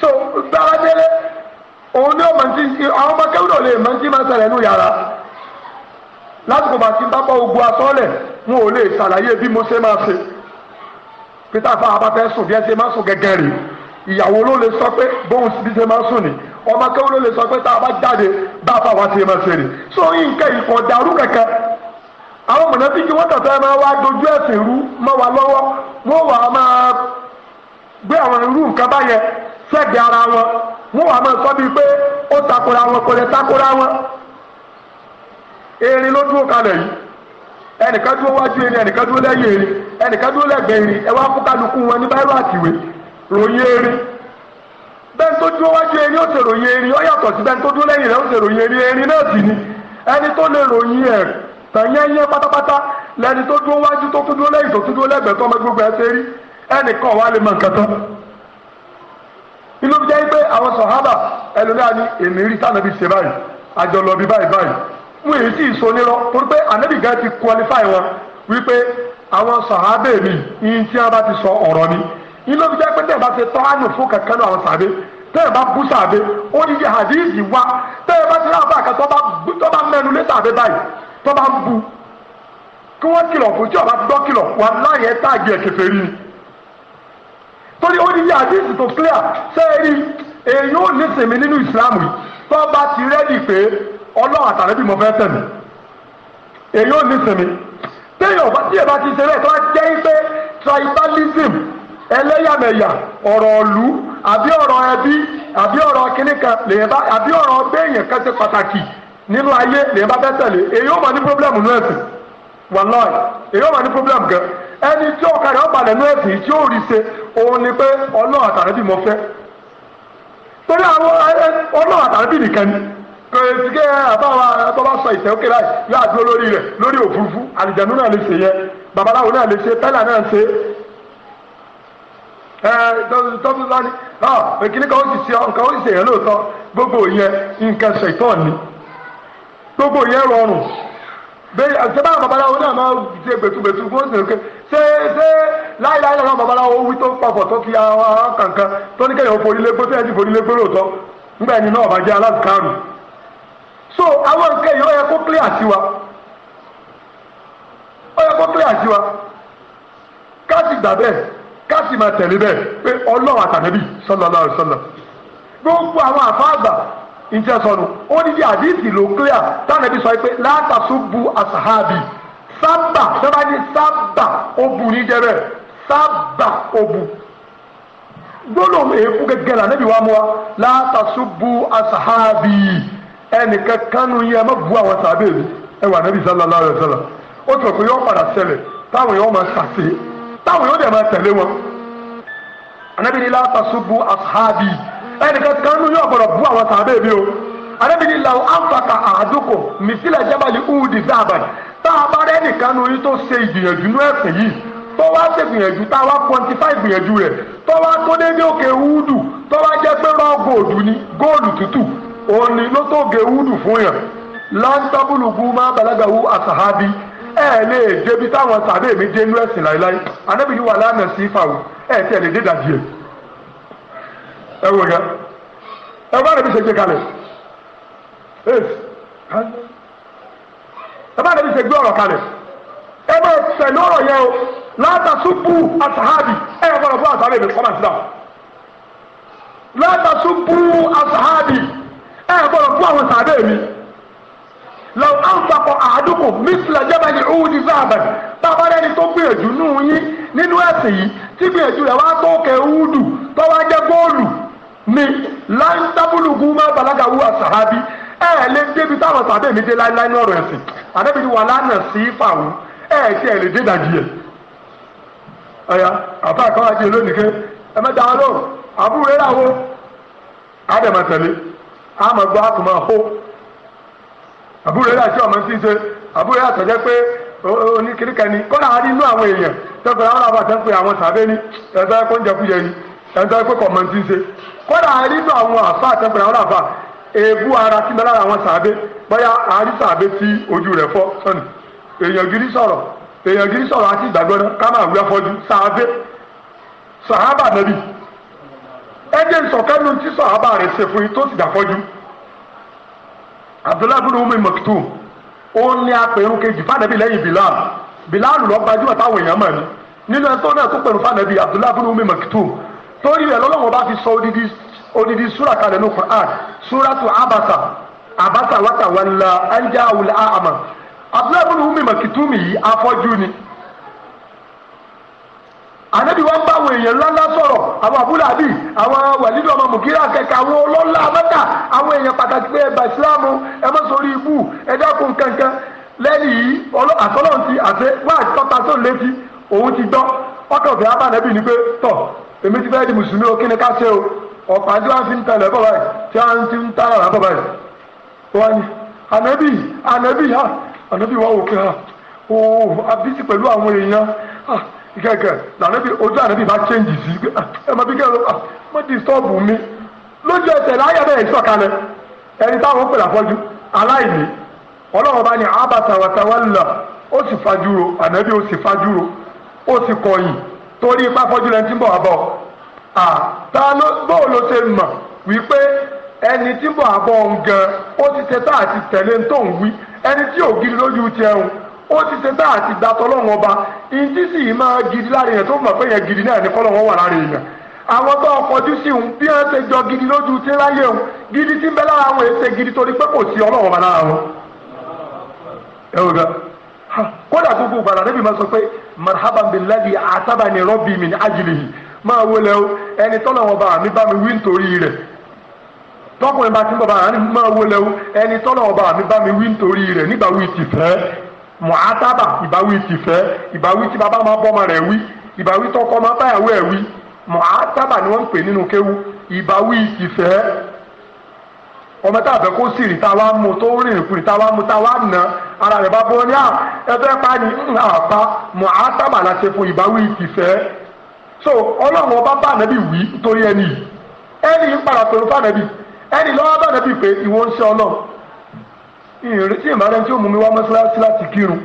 so gbára délé òun ni ó mọ̀ ní àwọn ọmọ kéwù náà lè mọ̀ ní máa ṣẹlẹ̀ nù yàrá lásìkò bàtí bá bọ́ ogun asọ́lẹ̀ wọn ò lè ṣàlàyé bí mo ṣe máa ṣe pété àfa àbá fẹ́ sùn bí ẹ ṣe máa sùn gẹ́gẹ́ rè ìyàwó ló lè sọ pé bóun bí ṣe máa sùn ni ọmọ kẹ́wọ́ ló lè sọ pé tá a bá jáde bá a fà wá ṣe máa ṣe rè so nǹkan ìkọ̀dàrú kẹ̀kẹ́ àwọn mọ̀nàfíkì wọ́n tẹ̀sẹ̀ máa wá dojú ẹ̀sìn rú mọ́ wa lọ́wọ́ wọ́n wà á máa gbé àwọn irú nǹkan báyẹn sẹ́gbẹ̀ẹ́ ara wọn wọ́n wà á máa sọ bíi pé ó takora wọn kò lè takora wọn erin ló dúró kalẹ̀ yìí ẹnìkan dúró wájú erin ẹnìkan dúró lẹ́yìn erin ẹnìkan dúró lẹ́gbẹ̀ẹ́ erin ẹ wá fún kálukú wọn ní báírò àtìwé ròyìn erin bẹ́ẹ̀ tó dúró wájú erin ó ṣe ròyìn erin ó yàtọ̀ sí bẹ́ẹ̀ tó dúró lẹ́yìn rẹ̀ ó ròyìn náà sì ni ẹni tó lè ròyìn ẹ̀ pátápátá lẹni tó dúró wájú tó tún dúró lẹ́yìn tó tún dúró lẹ́gbẹ̀ẹ́ tó gbogbo wọn èyí sì sọ nílọ torí pé ànábì gan ti qualify wọn wípé àwọn sàhábè mi yín tí wọn bá ti sọ ọ̀rọ̀ ni yín ló fi jẹ́ pé tẹ̀ bá ti tọ́ àyàn fún kankan náà àwọn sàhábè tẹ́ẹ̀ bá bú sàbẹ̀ ó ní yẹ hadithi wa tẹ́ẹ̀ bá ti ráàbà kan tó bá mẹ́nu lé sàbẹ̀ báyìí tó bá ń bu kí wọ́n kìlọ̀ fún tí ọba ti gbọ́ kìlọ̀ wà láyé táàgì ẹ̀ kẹfẹ́ rí ni. torí ó ní yẹ hadithi tó clear sẹ́ẹ̀rí èyí ó nísìnyí nínú ìsìlámù yìí tó bá ti rẹ́dì ọlọ́run àtàlẹ́bí mo fẹ́ tẹ̀mí èyí ò ní sinmi téèyàn bá tíyẹ̀ bá ti ṣe bẹ́ẹ̀ tó bá jẹ́ pé tribalism ẹlẹ́yàmẹ̀yà ọ̀rọ̀ ọ̀lú àbí ọ̀rọ̀ ẹbí àbí ọ̀rọ̀ kìnìkan lèyìn bá àbí ọ̀rọ̀ gbẹ̀yìn kan ṣe pàtàkì nínú ayé lèyìn bá fẹ́ tẹ̀lé èyí ò mọ̀ ní pírọ́blẹ́mù nú ẹ̀sìn wàláì èyí ò mọ̀ ní pírọ́blẹ́mù gan ẹni tí ọ̀ka rẹ̀ ọ̀balẹ̀ nú ẹ̀sìn tí ó rí ṣe òun ni pé ọlọ́run àtàrẹ́bí mo fẹ́ torí àwọn ọlọ́run àtàrẹ́bí nìkan ni kòsìkè àbáwá bàbá sọ ìtẹ́wókè láì yóò àdúró lórí rẹ̀ lórí òfurufú àlìjẹ̀nu náà lè ṣe yẹ babaláwo náà lè ṣe tẹ́lá náà ṣe ẹ tọ́tù ọ èkìní kan ó sì ṣe ọ nǹkan ó sì ṣe yẹn lóòótọ́ gbogbo yẹn nǹkan ṣètọ́ ni gbogbo yẹn rọrùn bẹ́ẹ̀ àṣẹbá babaláwo náà máa ṣe gbẹtugbẹtu fún oṣù nìkan ṣé ṣé láìláì lọ́wọ́ babaláwo wí tó papọ̀ tó fi àwọn kankan tó ní kẹ́yìn ó forí lé gbó nígbà ẹni náà bá aláàbùkárù so àwọn nǹkan yìí ó yẹ kó clear sí wa ó yẹ kó clear sí wa ká sì gbà bẹ́ẹ̀ ká sì máa tẹ̀lé bẹ́ẹ̀ pé ọlọ́run àtànẹ́bì sallallahu alaihi wasallam gbogbo àwọn àfáàgbà ìjẹ́ sọnù ó ní bí àdìsí ló clear tànẹ́bì sọ pé látàṣubú àṣàhábì sábà sábà ní sábà obu ní jẹ́rẹ̀ sábà obu gbọ́dọ̀ èéfú gẹ́gẹ́ là nẹ́bí wa mú wa látàṣubú àṣàhábì ẹnìkan kánú yẹn ẹ má bu àwọn sàbẹ̀ mi ẹ wà nàbí sallallahu alaihi wasallam ó sọ pé yọ padà ṣẹlẹ̀ táwọn yóò máa ṣàṣe táwọn yóò dẹ̀ máa tẹ̀lé wọn. Ànábì ní la tasubbu ashabi ẹnìkan kánú yóò gbọdọ̀ bu àwọn sàbẹ̀ mi o Ànábì ní law anfaqa ahadukum mithla jabali Uhudi zahaban tá a bá rẹ́ tó ṣe ìgbìyànjú ní ẹ̀sìn yìí tó ṣe gbìyànjú tá a ìgbìyànjú rẹ̀ tó tó déédéé òkè Uhudu tó jẹ́ pé rọ́ọ̀ ni góòlù tútù òun ni ló tó gé wúdù fún yàn lantabulugu máa balagawu asahabi ẹ lè débi táwọn sàbẹ mi dé inú ẹsìn láéláé anábì yìí wà lánà sí fàwọ ẹ tẹ lè dé dàdí ẹ ẹ wò yẹ ẹ bá nàbí ṣe gbé kalẹ̀ ẹ bá nàbí ṣe gbé ọ̀rọ̀ kalẹ̀ ẹ bá tẹ̀lé ọ̀rọ̀ yẹn o látàsúbù asahabi ẹ yẹ kọlọ fún asahabi mi kọ́mà sílá látàsúbù asahabi ẹ gbọ́dọ̀ fún àwọn sàbẹ̀ mi lọ àǹfààkọ àádókò mísìlá jábàjì òwúdi záàbà bàbá rẹni tó gbìyànjú nù yín nínú ẹsìn yìí tí gbìyànjú rẹ wá tó kẹ údù tó wá jẹ góòlù ni láńtàbùlùkù má balaga wú àsàhábí ẹ ẹ lé débi táwọn sàbẹ̀ mi dé láíláí ní ọ̀rọ̀ ẹsìn àdébìtì wà lánàá sí fàwọn ẹ ẹ tiẹ̀ lè dé dàdí ẹ ẹyà àbá àkàwájú lónìí ké ẹ mẹ́ta lọ àbúrò ẹ làwọn àdèmọtẹlẹ. ama gbọ́ àtùmọ̀ hó àbúrò rẹ̀ àti ọmọ tí àbúrò rẹ̀ àtọ̀jẹ́ pé oníkìríkà kọ́nà àárín inú àwọn èèyàn tẹ́kọ̀ọ́ àwọn àbàtẹ́ pé àwọn sàbẹ́ ni ẹ̀ńtọ́ ẹ̀kọ́ ń jẹkújẹ ni ẹ̀ńtọ́ ẹ̀kọ́ kọ̀ mọ̀ tí kọ́nà àárín inú àwọn àfà tẹ́kọ̀ọ́ àwọn àfà èébú ara tí mẹ́lára àwọn sàbẹ́ sàbẹ́ tí ojú rẹ̀ fọ́ sọ́nù èèyàn sọ̀rọ̀ èèyàn sọ̀rọ̀ àti ẹjẹ nsọkanu ti sọ àbá rẹ ṣe fún yín tó ti dàfọjú abdullahi bin umi maktum ó ní apẹ̀rún kejì fànàbí lẹ́yìn bilal bilal lọ gbajúmọ̀ táwọn èèyàn mọ̀ ní nínú ẹni tó náà tó pẹ̀rún fànàbí abdullahi bin umi maktum torí rẹ̀ lọ́lọ́wọ́ bá fi sọ odidi odidi súra kalẹ̀ ní quran súratu abasa abasa wàtàwàlà anjáwul ahama abdullahi bin umi maktum yìí afọ́jú ni ànábì wọn bá àwọn èèyàn ńláńlá sọ̀rọ̀ àwọn àbúràbí àwọn wàlídìí ọmọ mùkírà kẹkẹ àwọn ọlọ́lá mẹ́ta àwọn èèyàn pàtàkì pé ẹ̀bà ìsìlámù ẹ má sórí ibú ẹ dákun kankan lẹ́yìn yìí àtọ́lọ́hún ti àṣẹ wá àtọ́ta tó létí òun ti gbọ́ ọkọ̀ ọ̀fẹ́ abánẹ́bí ni pé tọ̀ èmi ti fẹ́ di mùsùlùmí o kí ni ká ṣe o ọ̀pá tí wọ́n ti ń tẹ̀lé bọ̀ báyìí tí wọ́n ti ń tẹ̀lé bọ̀ báyìí wọ́n ní ànábì ànábì ha ànábì wọn ò kí ha o àbísí pẹ̀lú àwọn èèyàn kẹ̀kẹ́ lànàbí ojú ànàbí bá change sí ah, ẹ mọ bí kẹrù ah, mọ disturb mi lójú ẹsẹ̀ láyé bẹ́ẹ̀ sọ̀kalẹ̀ ẹni táwọn ń pè láfọ́jú aláìní ọlọ́run bá ní abasa watawalla ó sì fajúro ànàbí ó sì fajúro ó sì kọ̀yìn torí ipá fọ́jú lẹ́ni tí ń bọ̀ wá bọ̀ à tá bóò ló ṣe mọ̀ wípé ẹni tí ń bọ̀ wá bọ̀ ń gan ó ti ṣe tá àti tẹ̀lé ń tó ń wí ẹni tí ògiri lójú tiẹ̀ ń ó ti ṣe tá àti gba tọlọ́run ọba sì máa gidi lára èèyàn tó mọ̀ pé gidi náà ní kọ́lọ́run wà lára èèyàn àwọn tó kọjú sí òun bí jọ gidi lójú tí láyé òun gidi tí ń bẹ lára àwọn gidi torí pé kò sí ọlọ́run ọba lára wọn. ẹ kódà gbogbo níbi máa sọ pé ajilihi máa o ẹni mi bá mi wí nítorí rẹ̀ tọkùnrin bá ti ń bọ̀ bá mi mọ̀átábà ìbáwí tìfẹ́ ìbáwí tí bàbá máa bọ́mọ rẹ̀ wí ìbáwí tọkọ máa báyàwó ẹ̀ wí mọ̀átábà ni wọ́n ń pè nínú kéwu ìbáwí tìfẹ́ ọmọ tá a fẹ́ kó sì rí ta wá mú tó rìn kùn ta wá mú ta wá nà ara rẹ̀ bá bọ́ ní à ẹ fẹ́ pa ni ń àbá mọ̀átábà la ṣe fún ìbáwí tìfẹ́ so ọlọ́run ọba bá ànábì wí nítorí ẹni ẹni ń padà pẹ̀lú fún ànábì ẹni lọ́wọ́ bá ànábì pé ìwọ ń ṣe ọlọ́run ìrètí ìbára tí ó mú mi wá mọ́ṣáláṣí láti kírun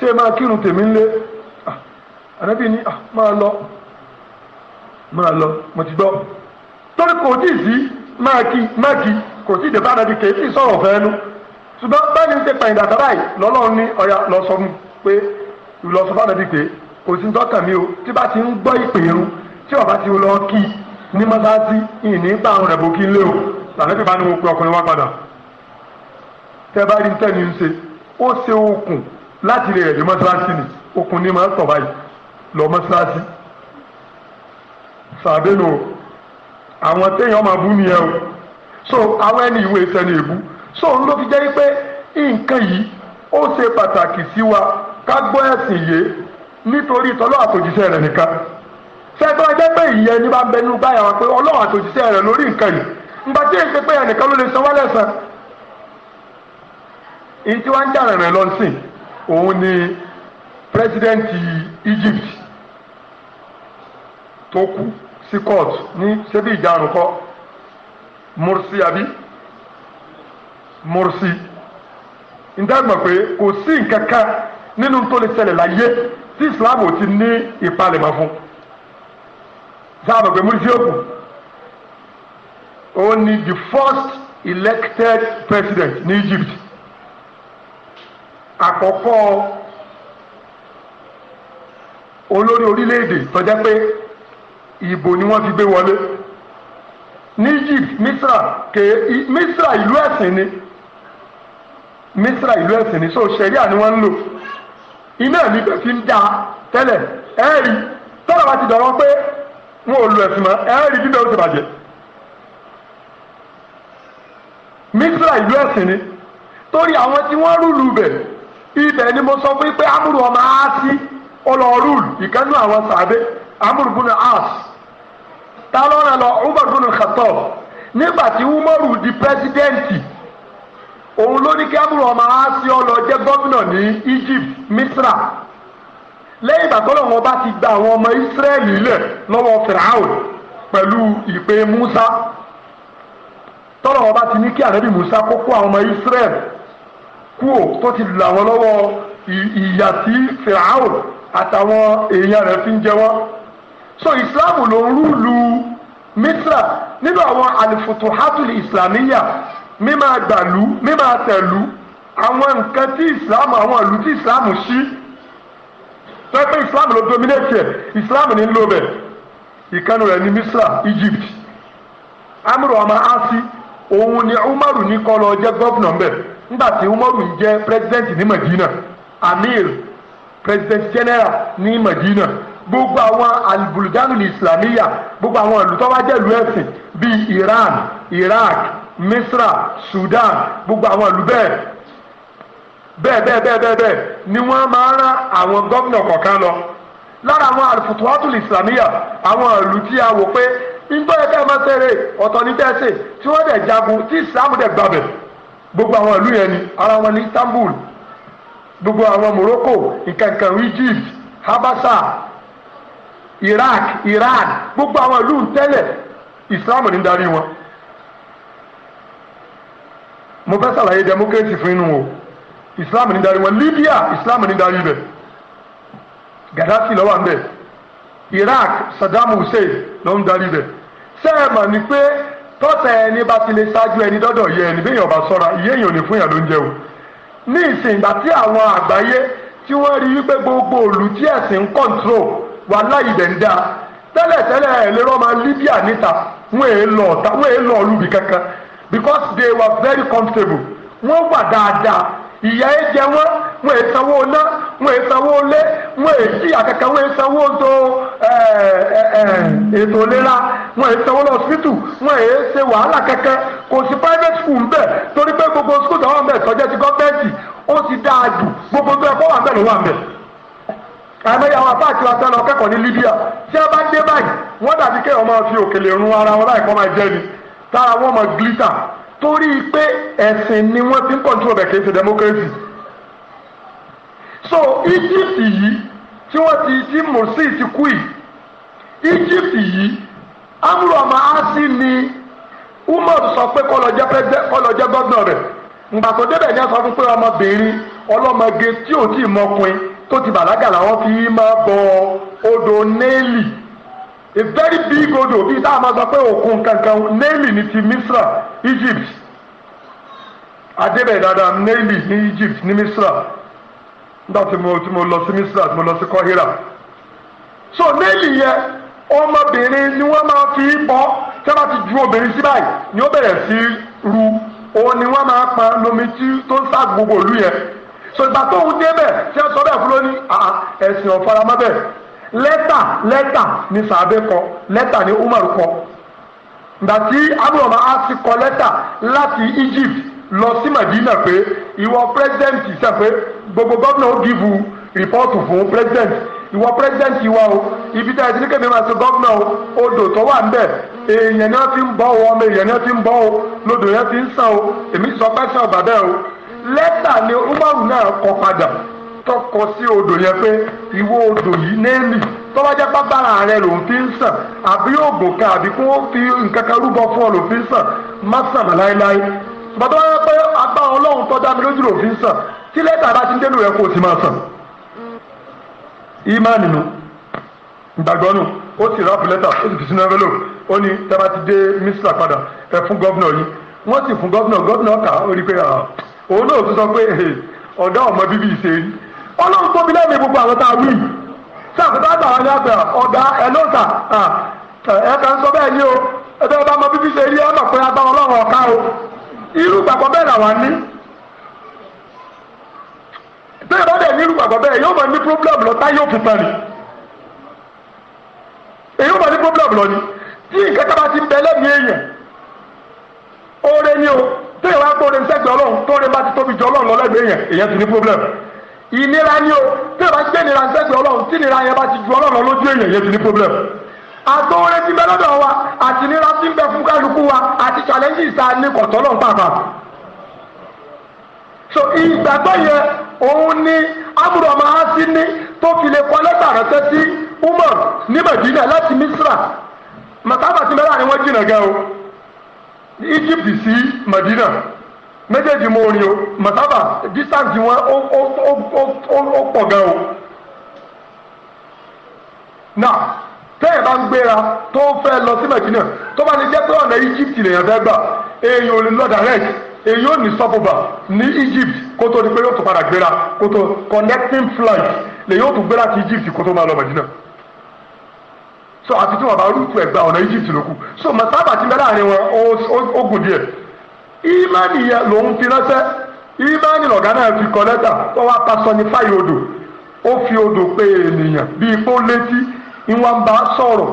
ṣé máa kírun tèmi ń lé ànábì ní máa lọ máa lọ mo ti gbọ́ torí kò tí ì sí máa kí máa kí kò tí ì dé bá ànábì kè é tí ì sọ̀rọ̀ fẹ́ nu ṣùgbọ́n báyìí ń ṣe pẹ̀yìndà kábàá yìí lọ́lọ́run ní ọ̀yà lọ sọ fún pé lọ sọ fún ànábì pé kò sí dọ́kàn mi o tí bá ti ń gbọ́ ìpè irun tí ọba ti lọ kí ní mọ́ṣáláṣí ìní bá àwọn rẹ̀ kí ń lé o lànà ìpè bá ní mo pe ọkùnrin wá padà tẹ́ bá rí tẹ́ni ń ṣe ó ṣe okùn láti lè rẹ̀ lé mọ́ṣáláṣí ni okùn ni máa ń tàn báyìí lọ mọ́ṣáláṣí sàbẹ̀nù àwọn téèyàn máa bú nìyẹn o so àwọn ẹni ìwé sẹ́ni èbú so ló fi jẹ́ pé nǹkan yìí ó ṣe pàtàkì sí wa ká gbọ́ ẹ̀sìn yé nítorí tọ́lọ́ àtòjíṣẹ́ rẹ̀ nìkan sẹ́gbọ́n ẹgbẹ́ pé ìyẹn ní bá ń bẹnu báyà wọn pé ọlọ́run àtòjíṣẹ́ rẹ̀ lórí nǹkan yìí ǹgbà tí èyí ṣe pé ẹnìkan ló lè sanwó lẹ́sàn-án èyí tí wọ́n ń dàrẹ̀ rẹ̀ lọ́sìn òun ni pírẹsidẹ́ǹtì Egypt tó kú sí court ní ṣebí ìjà àrùn kọ́ Morsi àbí Morsi ntàgbà pé kò sí nǹkan kan nínú tó lè ṣẹlẹ̀ láyé tí Islam ò ti ní ìpalẹ̀mọ́ fún sábà pé Morsi ó kù the first elected president ní Egypt àkọ́kọ́ olórí orílẹ̀-èdè tó jẹ́ pé ìbò ni wọ́n fi gbé wọlé ní Egypt Misra ke Misra ìlú ẹ̀sìn ni Misra ìlú ẹ̀sìn ni so ṣẹ̀ríà ni wọ́n ń lò iná ní bẹ́ẹ̀ fi ń da tẹ́lẹ̀ ẹ̀ẹ́rì tọ́lá wa ti dọ̀rọ̀ pé wọn ò lo ẹ̀sìn mọ́ ẹ̀ẹ́rì bíbẹ́ ó ti bàjẹ́ Misra ìlú ẹ̀sìn ni torí àwọn tí wọ́n rúlu bẹ̀ ibẹ̀ ni mo sọ fún yín pé amúrù ọmọ aásí ọlọ́ọ̀rùl ìkànnì àwọn sàbẹ̀ amúrù bùnú aás ta lọ́nà lọ umar bùnú khattab nígbà tí umaru di pẹ́sidẹ́ǹtì òun ló ní kí amúrù ọmọ aásí ọlọ́ jẹ́ gómìnà ní Egypt Misra lẹ́yìn ìgbà tọ́lọ̀ wọn bá ti gba àwọn ọmọ Ísírẹ́lì lẹ̀ lọ́wọ́ Fìràhùn pẹ̀lú ìpè Musa tọ́lọ̀ wọn bá ti ní kí ànábì Musa kó kó àwọn ọmọ Ísírẹ́lì kúò tó ti là wọ́n lọ́wọ́ ìyà tí fìràwọ̀ àtàwọn èèyàn rẹ̀ fi ń jẹ wọ́n so islam ló ń rúlu mitra nínú àwọn alifutuhatul islamiyya mímà gbàlú mímà tẹ̀lú àwọn nǹkan tí islam àwọn ìlú tí islam ṣí pẹ́pẹ́ islam ló dominate ẹ̀ islam ní ló bẹ̀ ìkànnì rẹ̀ ní misra egypt amúrò ọmọ asi òun ni umaru ní kọ́ lọ jẹ́ gọ́vnọ̀ nígbà tí umaru ń jẹ́ president ní madina amir president general ní madina gbogbo àwọn alibuludanu ní islamiyya gbogbo àwọn ìlú tó bá jẹ́ ìlú ẹ̀sìn bíi iran iraq misra sudan gbogbo àwọn ìlú bẹ́ẹ̀ bẹ́ẹ̀ bẹ́ẹ̀ bẹ́ẹ̀ bẹ́ẹ̀ bẹ́ẹ̀ ni wọ́n máa rán àwọn gómìnà kọ̀ọ̀kan lọ lára àwọn alifutuwatul islamiyya àwọn ìlú tí a wò pé ń bọ́ ẹ̀ka ẹ̀ máa tẹ̀lé ọ̀tọ̀ ní tẹ́sí tí wọ́n dẹ̀ jagun tí islam dẹ̀ gbàbẹ̀ gbogbo àwọn ìlú yẹn ni ara wọn ní Istanbul gbogbo àwọn Morocco nkankan Egypt Habasa Iraq Iran gbogbo àwọn ìlú tẹ́lẹ̀ Islam ní darí wọn mo fẹ́ sàlàyé democracy fún inú o Islam ní darí wọn Libya Islam ní darí bẹ̀ Gaddafi ló wà ń Iraq Saddam Hussein ló ń darí bẹ̀ sẹ́ẹ̀mà ni pé tọ́tà ẹni bá ti lè ṣáájú ẹni dọ́dọ̀ yẹ ẹni bí èèyàn bá sọ́ra iye èèyàn ní fún yàn ló ń jẹun ní ìsìn tí gbogbo òlù tí ẹ̀sìn ń kọ́ńtró wà láyé dẹ̀ tele dá tẹ́lẹ̀tẹ́lẹ̀ Libya níta wọ́n èé lọ ọ̀tá wọ́n èé lọ they were very comfortable wọ́n wà dáadáa ìyá ẹ jẹ wọn wọn è sanwó ná wọn sanwó lé wọn sí àkàkà wọn wọn èyí sanwó lọ hospital wọn èyí ṣe wàhálà kankan kò sí private school ńbẹ torí pé gbogbo school tó wà ńbẹ sọjẹ ti gọọmenti ó ti dáa jù gbogbo tó ẹ̀kọ́ wà ńbẹ ló wà ńbẹ àmọ́yà àwọn apá àti wàtá lọ kẹ́kọ̀ọ́ ní Libya tí a bá dé báyìí wọ́n dàbí kéèyàn máa fi òkèlè run ara wọn báyìí kọ́ máa jẹ́ ni tára wọn máa glitter torí pé ẹ̀sìn ni wọ́n ti ń kọ́ńtró bẹ̀ kì í ṣe democracy. so Egypt yìí tí wọ́n ti ti Morsi ti kú yìí Egypt yìí amúrò màásì ni umar sọ pé kọlọjẹ gọdọ rẹ ngbà tó débẹ̀ ní ẹ̀sán fún pé ọmọbìnrin ọlọ́mọge tí ò tí ì mọkùnrin tó ti bàlágà làwọn fi máa bọ odò nẹ́ẹ̀lì a very big odò bíi tá a máa sọ pé òkun kankan nẹ́ẹ̀lì ní ti misra egypt adébẹ̀ dáadáa nẹ́ẹ̀lì ní egypt ní misra nígbà tí mo lọ sí misra tí mo lọ sí kọ́hírà so nẹ́ẹ̀lì yẹn ọmọbìnrin ni wọ́n máa fi bọ́ tí wọ́n ti ju obìnrin sí báyìí ni ó bẹ̀rẹ̀ sí ru òun ni wọ́n máa pa lomi tí tó ń sá gbogbo ìlú yẹn so ìgbà tó ń débẹ̀ ṣé sọ bẹ́ẹ̀ fún lóní ẹ̀sìn ọ̀faramọ́ bẹ́ẹ̀ lẹ́tà lẹ́tà ni sàbẹ̀ kọ lẹ́tà ni Umar kọ ìgbà tí abúlọ̀mọ́ á ti kọ lẹ́tà láti Egypt lọ sí Madina pé ìwọ pírẹsidẹ́ǹtì sẹ́pẹ́ gbogbo gómìnà ó gíbu rìpọ́ọ̀tù fún pírẹsidẹ́ǹtì ìwọ president wa o ibi tá a ti ní kébé máa ṣe gọ́vnà o odò tó wà ń bẹ̀ èèyàn ni wọ́n ti ń bọ́ o ọmọ èèyàn ni wọ́n ti ń bọ́ o lodò yẹn ti ń sàn o èmi sọ pé sàn bàbá o lẹ́tà ni umaru náà kọ padà tọkọ sí odò yẹn pé ìwọ odò yìí nẹ́ẹ̀lì tọ́wájá bábára rẹ ló ń fi ń sàn àbí oògùn kan àbí kó fi nǹkan kan rúbọ fún ọ ló fi ń sàn má sàn láéláé bàbá wọn pé agbára ọlọ́run tọ́jà mi lójú ló fi ń sàn tí lẹ́tà bá ti ń dénú rẹ kó o ti máa sàn. ìmánì nù gbàgbọ́ nù ó sì ráàpù lẹ́tà ó sì fi sínú ẹgbẹ́ ó ní tẹ́bá ti dé mísílà padà ẹ fún gọ́vnọ̀ yìí wọ́n sì fún gọ́vnọ̀ gọ́vnọ̀ kà ó rí pé ah, òun náà tún sọ pé ọ̀dọ́ ọmọ bíbí ìṣe rí ọlọ́run tóbi lẹ́mìí gbogbo àwọn tá a wí sàkóso àtàwọn ní àgbẹ̀ ọ̀gá ẹlọ́ta ń sọ bẹ́ẹ̀ ni o ẹ̀bẹ̀ ọba ọmọ bíbí ìṣe rí gbàgbọ́ bẹ́ẹ̀ yóò máa ní problem lọ táyé òfin pa ni èyí ó máa ní problem lọ ni tí nǹkan tábà ti bẹ lẹ́mìí èèyàn oore ni o téèyàn wá kóore sẹ́gbẹ̀ẹ́ ọlọ́run tóore bá ti tóbi jọ ọlọ́run lọ́lẹ́gbẹ̀ẹ́ èèyàn èèyàn ti ní problem ìnira ni o téèyàn bá ti gbé ìnira sẹ́gbẹ̀ẹ́ ọlọ́run tí ìnira yẹn bá ti ju ọlọ́run lójú èèyàn èèyàn ti ní problem àtòore ti bẹ lọ́dọ̀ wa àti ìnira ti ń bẹ fún kálukú wa àti challenges ta ní kọ̀tọ́ lọ́run pàápàá so ìgbàgbọ́ yẹn òun ni amụrụ ọmọ hasi ní tó kile lè kọ́ lẹ́tà sí umar ní Madina láti Misra màkàbà ti mẹ́rà ni wọ́n jìnnà gan o Egypt sí Madina méjèèjì mo rìn o màkàbà distance wọn ó pọ̀ gan o náà tẹ́yìn bá ń gbéra tó fẹ́ lọ sí Madina tó bá ní jẹ́ pé ọ̀nà Egypt lèèyàn fẹ́ gbà èèyàn ò lè lọ direct. èyí ò ní sọ́fùbà ní Egypt kó tó di pé yóò tún padà gbéra kó tó connecting flight lè yóò tún gbéra ti Egypt kó tó máa lọ Mẹdínà so àti tí wọn bá rútu ẹgbà ọ̀nà Egypt lóku so masaba ti bẹ láàrin wọn ó gùn díẹ̀ ìmánì yẹn lòun fi ránṣẹ́ ìmánì lọ̀gá náà fi kọ lẹ́tà tó wá personify odò ó fi odò pé ènìyàn bíi pé ó létí ìwọ̀n bá sọ̀rọ̀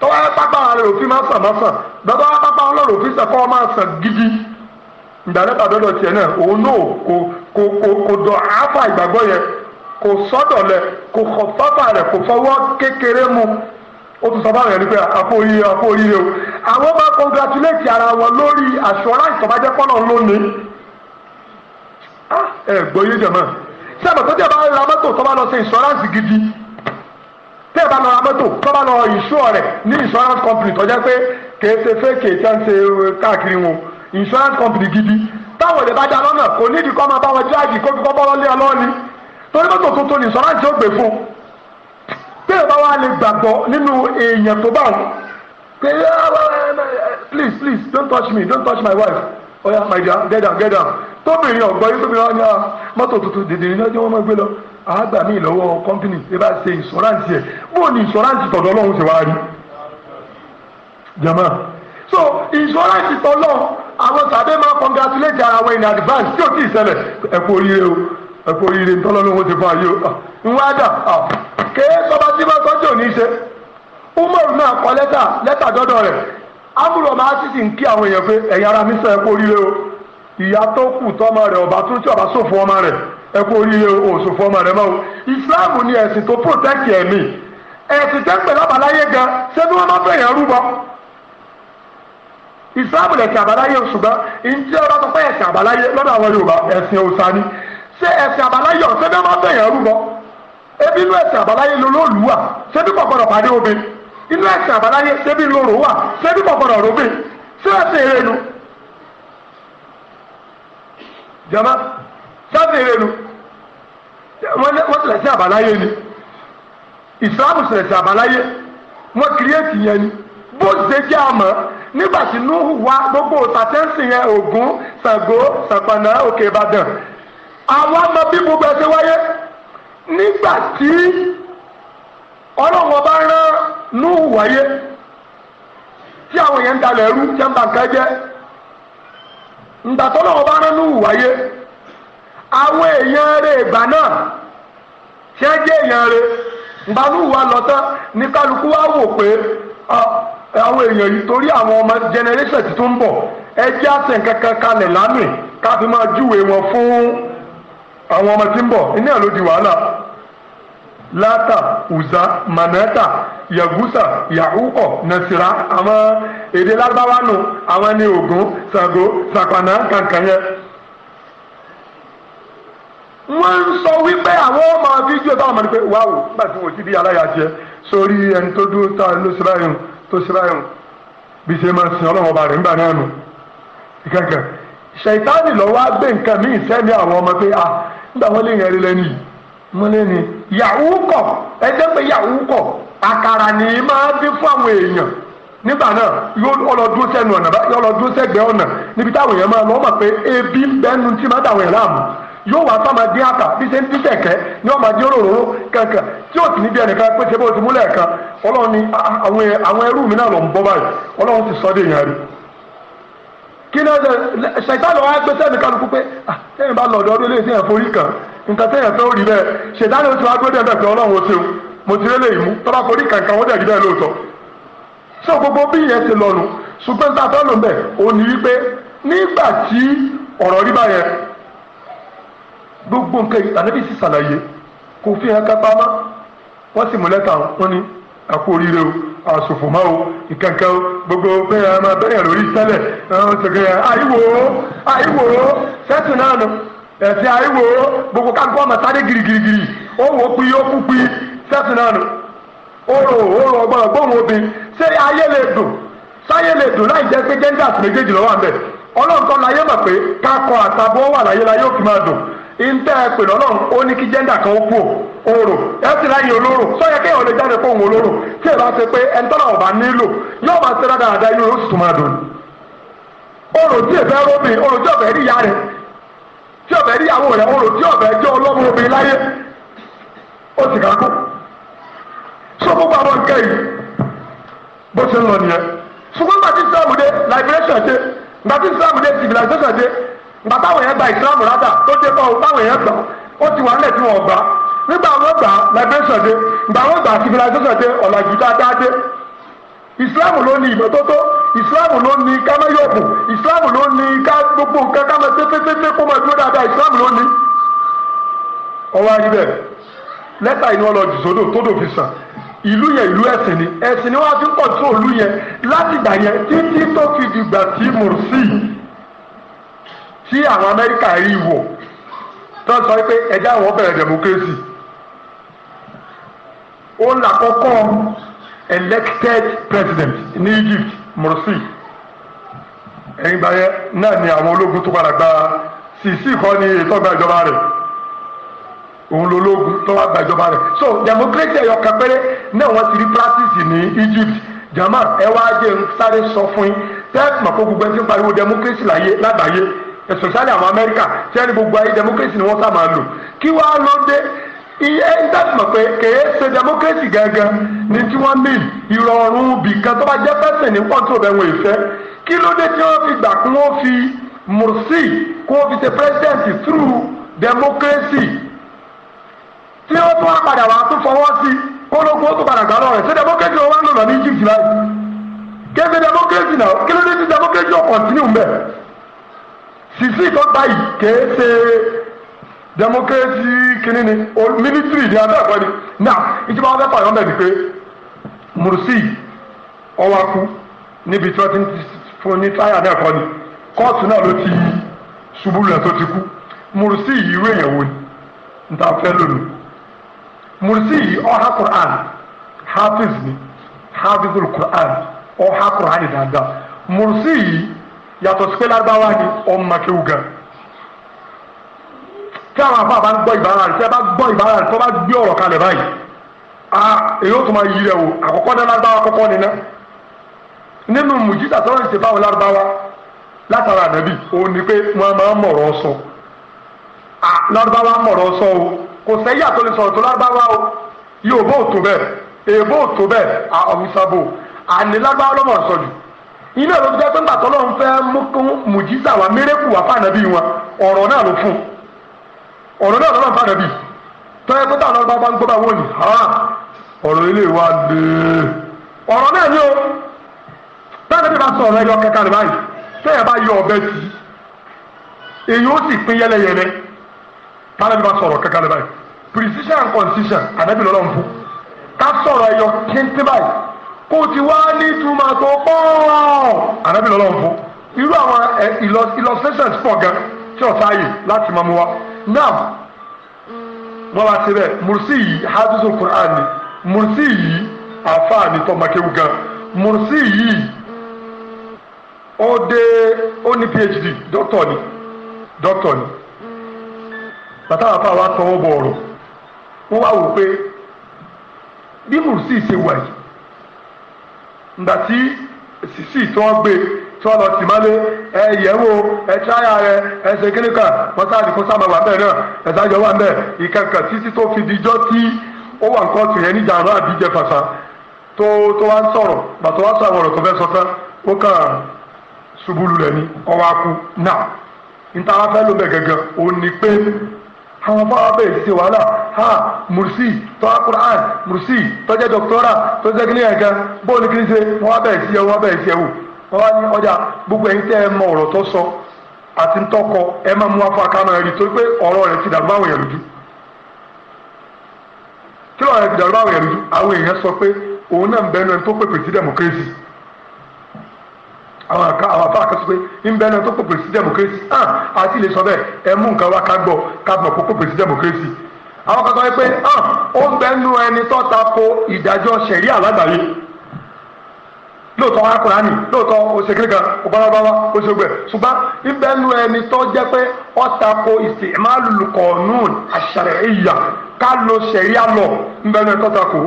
tọ́wọ́ pápá rẹ̀ òfin máa sàn máa sàn bàbá pápá ọlọ́run òfin sàn kọ́ máa sàn gidi ìgbàlẹ́ta dọ́dọ̀ tiẹ̀ náà òun náà kò kò kò kò dọ̀ áfà ìgbàgbọ́ yẹn kò sọ́dọ̀ lẹ̀ kò kọ̀ fáfà rẹ̀ kò fọwọ́ kékeré mu ó tún sọ rẹ̀ nípa àpò oríire àpò oríire o àwọn bá congratulate ara wọn lórí àṣọra ìsọ̀bájẹ́ pọ́nà lónìí ah, ẹ gbọ́ yé jẹ̀ mọ́ tí àbẹ̀ tó tẹ̀ bá ra mọ́tò tó bá lọ sí insurance gidi tẹ́ ẹ bá lọ ra mọ́tò tó bá lọ ìṣó rẹ̀ ní insurance company tó jẹ́ pé kèé ṣe fẹ́ kèé tẹ́ ń ṣe káàkiri wọn insurance company gidi táwọn èdè bá dá lọ́nà kò nídìí kọ́ máa bá wọn jáde kó fi kọ́ bọ́lọ́ lé ọlọ́ọ̀ni torí mọ́tò tuntun ní insurance yóò gbé fún un bí ìbá wa lè gbàgbọ́ nínú èèyàn tó bá wọn pé ah, ah, ah, please please don't touch me don't touch my wife oya oh, my dear get down get down tóbìnrin ọ̀gbọ́n yìí tóbìnrin ọ̀nyá mọ́tò tuntun dìdìrín náà tí wọ́n máa gbé lọ àgbà mi lọ́wọ́ company ẹ bá ṣe insurance yẹ bóò ni insurance tọ̀dọ̀ ọlọ́run ṣe wá rí jama so insurance tọ̀lọ́ àwọn sàbẹ̀ máa congratulate ara wọn in advance tí ò tí ì ṣẹlẹ̀ ẹ kú oríire o ẹ kú oríire ntọ́lọ́nù wọn ti fún ayé o ìwọ́n àdà kéé sọba tí wọ́n sọ́jọ́ ò ní ṣe Umaru náà kọ lẹ́tà lẹ́tà dọ́dọ̀ rẹ̀ amúlò ọmọ asisi ń kí àwọn èèyàn pé ẹ̀yin ara mi sọ ẹ kú oríire o ìyá tó kù tọ́mọ rẹ̀ ọba tún tí ọba sòfò ọmọ rẹ̀ ẹ kú oríire o òsòfò ọmọ rẹ̀ mọ́ o Islam ni ẹ̀sìn tó protect ẹ̀mí ẹ̀sìn tẹ́ pẹ̀lú àbáláyé gan ṣé bí wọ́n má fẹ̀yàn rúbọ ìsìláàmù lẹ̀sìn àbáláyé ṣùgbọ́n ìdí ọba tó pẹ́ ẹ̀sìn àbáláyé lọ́dọ̀ àwọn yorùbá ẹ̀sìn òòṣà ni ṣé ẹ̀sìn àbáláyé ọ̀sẹ̀ bẹ́ẹ̀ máa bẹ̀yàn rúbọ ebi inú ẹ̀sìn àbáláyé lolóòlù wà ṣé bí kò gbọdọ̀ pàdé omi inú ẹ̀sìn àbáláyé ṣé bí lorò wà ṣé bí kò gbọdọ̀ rómi ṣé ẹ̀sìn ìrẹnu jama ṣẹ́sìn ìrẹnu wọ́n ti lẹ̀sìn àbáláyé ni ìsìláàmù ti lẹ̀sìn àbáláyé wọ́n kìrìyèsì yẹn ni bó ṣe jẹ́ nígbà tí nuhu wá gbogbo òtàtẹ́ǹsì yẹn ògún ṣàngó òkè ìbàdàn àwọn ọmọ bí gbogbo wáyé nígbà tí ọlọ́run ọba rán nuhu wáyé tí àwọn yẹn ń dalẹ̀ ẹrú tí wọ́n bá ọba rán nuhu wáyé àwọn èèyàn rẹ̀ ìgbà náà èèyàn rẹ̀ nuhu wá lọ àwọn èèyàn yìí torí àwọn ọmọ generation ti tún bọ̀ ẹ jẹ́ àṣẹ kankan kalẹ̀ lánìí ká fi máa júwe wọn fún àwọn ọmọ tí ń bọ̀ iná ló di wàhálà lata uza manata yagusa yahukọ nasira àwọn èdè lágbáwá nù àwọn ní Ògún Ṣàngó sàpànà kankan yẹn wọ́n ń sọ wípé àwọn ọmọ fídíò táwọn ọmọ ní pé wáwò nígbà tí wọ́n ti di aláya jẹ sórí ẹni tó dúró tá ló ṣe báyìí tó ṣe báyọ̀ bí ṣe máa sin ọlọ́run ọba rẹ̀ nígbà náà nù ìkẹ̀kẹ̀ ṣèyítánì lọ́wọ́ á gbé nǹkan míì sẹ́ni àwọn ọmọ pé ah nígbà wọn lè yẹn rí lẹ́nu yìí mo lé ní yahoo kọ̀ ẹ jẹ́ pé yahoo kọ̀ àkàrà ni máa dín fún àwọn èèyàn nígbà náà yóò lọ dúró sẹ́nu ọ̀nà yóò lọ dúró sẹ́gbẹ̀ẹ́ ọ̀nà níbi táwọn èèyàn máa lọ́ mọ̀ pé ebi ń bẹ́nu tí má dàwọn èèyàn láàmú yóò wá sáma dín àtà bí ṣe ń dín kẹ̀kẹ́ ní ọmọ dín òróró kankan tí ó sì níbi ẹnìkan pé ṣe bó ti mú lẹ́ẹ̀kan ọlọ́run ni àwọn ẹrú mi náà lọ ń bọ́ báyìí ọlọ́run sì sọ́ dé yẹn rí kí ni ṣètàlù wa gbé sẹ́mi kálukú pé sẹ́mi bá lọ́dọ̀ ọdún eléyìí sẹ́yìn forí kan nǹkan sẹ́yìn fẹ́ ó rí bẹ́ẹ̀ ṣètàlù oṣù agbódé ẹ̀bẹ̀ pé ọlọ́run ó ṣeun mo ti rélé ìmú tọ́ba forí kankan wọ́n dẹ̀ rí bẹ́ẹ̀ lóòótọ́ ṣé gbogbo bí ìyẹn ṣe gbogbo nǹkan yìí ànábì sì ṣàlàyé kò fi hàn ká pamọ́ wọ́n sì mú lẹ́tà wọn ni àkó oríire o àsòfòmọ́ o ìkankan o gbogbo bẹ́ẹ̀ a máa bẹ́ẹ̀ lórí sẹ́lẹ̀ ẹ̀hún ṣègbè àìwò àìwò sẹ́tù náà nù ẹ̀sìn àìwò gbogbo káńkó ọmọ sáré girigirigiri ó wò ó pin ó kú pin sẹ́tù náà nù ó rò ó rò ọgbọ́n ọgbọ́n obìnrin ṣé ayé lè dùn sáyé lè dùn láì jẹ́ pé gẹ́ńdà àti méjèèjì lọ́wọ́ àbẹ̀ ọlọ́nkọ́ láyé mọ̀ pé kákọ àtàbọ̀ wà láyé láyé òkè máa dùn Ntẹ pèrè ọlọ́run ó ní kí jẹ́ndà kan ó kú òòrò ẹ sì láyé olóró sọ́yẹ kéèyàn lè jáde fún òun olóró tí èèyàn bá ṣe pé ẹni tọ́lá nílò yóò máa ṣe dáadáa inú yóò sì máa dùn. òòrò tí èèfẹ́ rómi òòrò tí ọ̀fẹ́ rí ìyá rẹ̀ tí ọ̀fẹ́ rí ìyàwó rẹ̀ tí jẹ́ obìnrin láyé ó bó ṣe ń lọ nìyẹn ìgbà táwọn èèyàn gba islam rádà tó dé bá o táwọn èèyàn gbà ó ti wà nílẹ̀ tí wọ́n gbà nígbà wọ́n gbà liberation dé ìgbà wọ́n gbà civilization dé ọ̀làjú dáadáa dé islam ló ní ìmọ́tótó islam ló ní kámẹ́yọ̀bù islam ló ní ká gbogbo nǹkan kámẹ́ pépépépé kó mọ̀ dúró dáadáa islam ló ní. ọwọ́ ayé bẹ́ẹ̀ lẹ́tà inú ọlọ́dún sódò tó dò fi sàn ìlú yẹn ìlú ẹ̀sìn ni ẹ̀sìn ni wọ́n á fi pọ̀ tó ìlú yẹn láti gbà yẹn títí tó fi dìgbà tí mùrùsí tí àwọn Amẹ́ríkà rí wọ̀ tó sọ pé ẹjẹ́ àwọn bẹ̀rẹ̀ democracy ó là kọ́kọ́ elected president ní Egypt Morsi ẹ̀yìn gbà yẹn náà ni àwọn ológun tó padà gba Sisi kọ́ ni ètò ọgbà ìjọba rẹ̀ òun lológun tó wá gba ìjọba rẹ̀ so democracy ẹ̀yọ̀ kan péré náà wọ́n ti rí practice ní Egypt jama ẹ wá jẹ́ ń sáré sọ fún yín tẹ́ẹ̀tì mọ̀ gbogbo ẹni tí ń pariwo democracy láyé lágbàáyé especially àwọn amẹ́ríkà tí ẹni gbogbo ayé democracy ni wọ́n sá máa lò kí wàá ló dé iye ìtàn mọ̀ pé kèé ṣe democracy gangan ni tí wọ́n mìn ìrọ̀rùn bìkan tó bá jẹ́ pẹ́sẹ̀ ní pọ́ńtò bẹ́ẹ̀ wọ́n ìfẹ́ kí ló dé tí wọ́n fi gbà kí wọ́n fi Morsi kí wọ́n fi ṣe president through democracy tí wọ́n tún wá padà wá tún fọwọ́ sí kólógún ó tún padà gbà lọ́rẹ̀ ṣé democracy wọn wá ń lò lọ ní Egypt láì kéde democracy náà kí ló dé tí democracy ọ̀ continue mbẹ́ sisi tó gba yìí kèé ṣe democracy kìíní ni ministry ni abẹ́ ẹ̀kọ́ ni now ìjọba wọn fẹ́ pààyàn bẹ̀ ni pé Mursi ọwọ́ akú níbi tí wọ́n ti ń fún ní táyà náà kọ́ ni kóòtù náà ló ti ṣubú rẹ̀ tó ti kú Mursi yìí ìwé èèyàn wo ni níta fẹ́ lónìí Mursi yìí ọ̀há Quran hafiz ni hafizul Quran ọ̀há Quran dáadáa Mursi yìí yàtọ̀ sí pé lárúbáwá ni ọmọ kéwù gan tí àwọn afọ àbá ń gbọ́ ìbára rẹ̀ tí ẹ bá gbọ́ ìbára rẹ̀ tí wọ́n bá gbé ọ̀rọ̀ kalẹ̀ báyìí a èyí ó tún máa yí rẹ̀ wò àkọ́kọ́ náà lárúbáwá kọ́kọ́ ni ná nínú mùjísà tí wọ́n ṣe fáwọn lárúbáwá látara ànábì òun ni pé wọ́n máa ń mọ̀rọ̀ sọ lárúbáwá mọ̀rọ̀ sọ o kò sẹ́yà tó lè sọ̀rọ̀ tó lárúbáwá o yóò bó òtò bẹ́ẹ̀ èèbó òtò inú ẹ̀rọ jẹ́ pé ńgbà tọ́lọ́run fẹ́ mú kún mùjísà wá mérékù wá fànàbí wọn ọ̀rọ̀ náà ló fún ọ̀rọ̀ náà lọ́nà fànàbí tọ́yẹ pé táwọn ọba bá ń gbọ́ bá wọ́n yìí ọ̀rọ̀ ilé wa lè ọ̀rọ̀ náà ni o tọ́lọ́run bá sọ ọ̀rọ̀ ẹyọ kẹta rẹ̀ báyìí tẹ́yẹ bá yọ ọ̀bẹ sí èyí ó sì pín yẹlẹyẹlẹ tọ́lọ́run bá sọ ọ̀rọ̀ kẹta rẹ̀ báyìí precision and concision àdẹ́bí lọ́lọ́run fún ká sọ̀rọ̀ ẹyọ kéńté báyìí kó ti wá ní túmọ̀ tó pọ̀ ànábì lọ́lọ́ fún irú àwọn eh, illustrations pọ̀ gan tí ọ̀tá yìí láti máa mú wa náà wọ́n bá ti rẹ̀ mùrùsí yìí hadithu Qur'an ni mùrùsí yìí àfáà ni tọmọkéwu gan mùrùsí yìí ó dé ó ní phd dọ́tọ̀ ni dọ́tọ̀ ni bàtà àfáà wa tọwọ́ bọ̀ ọ̀rọ̀ wọ́n wá wò pé bí mùrùsí ṣe wà yìí ǹgbà tí sisi tí wọ́n gbé tí wọ́n lọ tì mọ́lé ẹ yẹ̀wò ẹ tíráyà rẹ ẹ ṣe kíní kan wọ́n sáà ní kó sáà máa wà bẹ́ẹ̀ náà ẹ sáàjọ wà bẹ́ẹ̀ ìkẹ̀kẹ̀ títí tó fi dijọ́ tí ó wà nǹkan tù yẹn ní jàǹdà àbíjẹ fàṣà tó tó wá ń sọ̀rọ̀ bàtọ́ wá sọ àwọn ọ̀rọ̀ tó fẹ́ sọ tán ó kàn ṣubú lulẹ̀ ni ọwọ́ akú náà níta wá fẹ́ ló bẹ̀ gẹ́gẹ́ òun ni pé àwọn fáwọn bẹ́ẹ̀ ṣe ha mùrùsì tọ́wá ha mùrùsì tọ́jẹ́ dọ́kítọ́rà tọ́jẹ́ kí ní ẹ̀kan bóun ní kí ní ṣe wọ́n wá gbogbo ẹ̀yin tẹ́ ẹ mọ ati tó sọ àti ntọ́kọ afọ ti dàrú báwọn èèyàn lójú kí ọ̀rọ̀ rẹ̀ ti dàrú báwọn èèyàn lójú àwọn èèyàn pé òun àwọn àká àwọn afá kan sọ pé ń bẹ́ẹ̀ náà tó pòpè sí democracy hàn àti ilé sọ bẹ́ẹ̀ ẹ mú nǹkan wá ká gbọ́ ká mọ̀ kó pòpè sí democracy. àwọn kan sọ pé hàn ó ń bẹ́ẹ̀ nu ẹni tó ta ko ìdájọ́ ṣẹ̀ríà lágbàáyé lóòótọ́ wá kúránì lóòótọ́ òṣèkéré kan ọ̀bárabáwá oṣogbè ṣùgbọ́n ń bẹ́ẹ̀ nu ẹni tó jẹ́ pé ó ta ko ìsìnmáàlùkọ̀ọ́nù àṣàrẹ̀ ìyà ká lo ṣẹ̀ríà lọ ń bẹ́ẹ̀ nu ẹni tó ta ko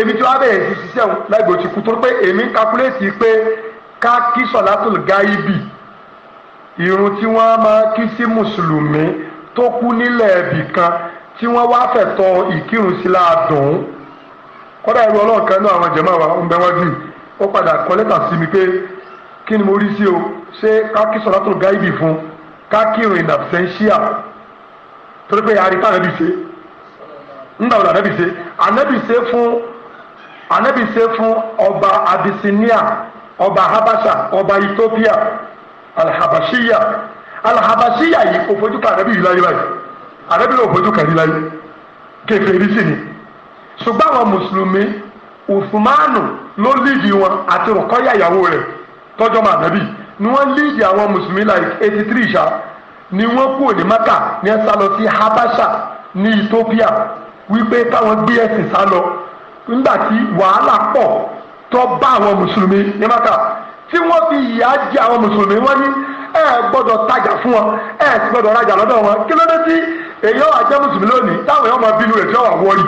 èmi tí wàá bẹ̀rẹ̀ sí ṣiṣẹ́ òun láìgbò ti kú torí pé èmi ń kakuléètì pé ká kí sọ̀látùl gáíbì irun tí wọ́n máa kí sí mùsùlùmí tó kú nílẹ̀ ẹ̀bì kan tí wọ́n wá fẹ̀tọ́ ìkírun sí láàdùn kọ́dà ìlú ọlọ́run kan náà àwọn jẹ̀mọ́ àwọn ọ̀bẹ wọn jù ó padà kọ́ lẹ́tà sí mi pé kí ni mo rí sí o ṣé ká kí sọ̀látùl gáíbì fún ká kírun in absentia torí pé àríkà rẹ̀ bì ṣe ńgbà wo làrẹ́ bì ṣe ànẹ́bì ṣe fún anabi ṣe fún ọba abisinia ọba habasha ọba ethiopia alhabashiya alhabashiya yìí kò fojú kan anabi yìí láyé báyìí anabi yóò fojú kan yìí láyé kèfèrí sí ni ṣùgbọ́n àwọn mùsùlùmí usmanu ló líìdì wọn àti rọkọ́yà ìyàwó rẹ̀ tọ́jọ́ mọ́ anabi ni wọ́n líìdì àwọn mùsùlùmí like eighty three ṣá ni wọ́n kúrò ní maka ní ẹ sá lọ sí habasha ní ethiopia wípé káwọn gbé ẹ̀sìn sá lọ nígbà tí wàhálà pọ̀ tó bá àwọn mùsùlùmí ní maka tí wọ́n fi ìyà jẹ àwọn mùsùlùmí wọ́n ní ẹ gbọ́dọ̀ tajà fún wọn ẹ sì gbọ́dọ̀ rajà lọ́dọ̀ wọn kí ló dé tí èyí ọ̀ àjẹ́ mùsùlùmí lónìí táwọn èèyàn máa bínú rẹ̀ tí wọ́n wà wọ́ọ̀rì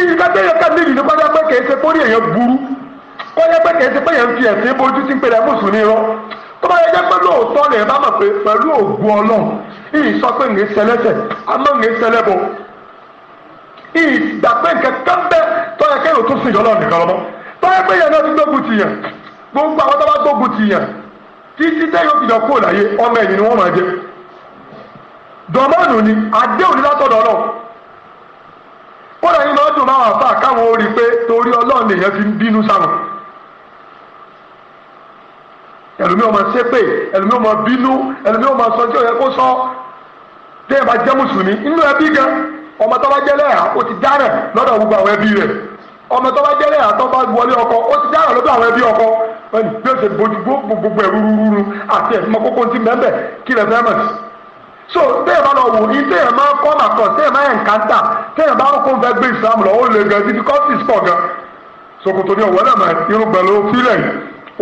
ibi ká déyẹ ká níbi nípa jẹ́ pé kìí ṣe pé ó ní èèyàn burú kó jẹ́ pé kìí ṣe pé èèyàn fi ẹ̀sìn bójú sí pé rẹ̀ mùsùlùmí rọ tó bá yẹ jẹ́ pé lóòótọ́ lèèyàn bá mọ̀ pé pẹ̀lú ògùn ọlọ́run ìyìn sọ pé ń ìgbà pé nǹkan kan bẹ tọ́yẹ kéèyàn tún sìn yọlọ́ nìkan lọ́mọ́ tọ́yẹ pé yẹn náà ti gbógun ti yàn gbogbo àwọn tó bá gbógun ti yàn títí tẹ́ yóò fi yàn kúrò láyé ọmọ ẹ̀yìn ni wọ́n máa jẹ dọ̀mọ́nù ni àdéhùn ní látọ̀dọ̀ náà kódà yín lọ́ọ́ dùn máa fà káwọn orí pé torí ọlọ́run lèèyàn fi ń bínú sáwọn ẹlòmíì ọmọ ṣépè ẹlòmíì ọmọ bínú ẹlòmíì ọmọ sọ tí ò yẹ kó sọ tẹ́yẹ̀ bá jẹ́ mùsùlùmí nínú ẹbí gan ọmọ tó bá jẹ́ lẹ́yà ó ti dárẹ̀ lọ́dọ̀ gbogbo àwọn ẹbí rẹ̀ ọmọ tó bá jẹ́ lẹ́yà tó bá wọlé ọkọ ó ti dárẹ̀ lọ́dọ̀ àwọn ẹbí ọkọ ẹni bí ó ṣe bójú gbogbo ẹ̀rú rúru àti ẹ̀sìn kókó ti mẹ́mbẹ̀ kí lẹ fẹ́ mọ̀ sí. so téèyàn bá lọ wò ní téèyàn máa kọ́ mà kọ́ téèyàn máa ẹ̀ǹkántà téèyàn bá kó fẹ́ gbé ìsìlámù lọ ó lè gan ibi kọ́sì pọ̀ gan. ṣòkòtò ni ọ̀wẹ́ náà máa irun pẹ̀lú fílẹ̀ yìí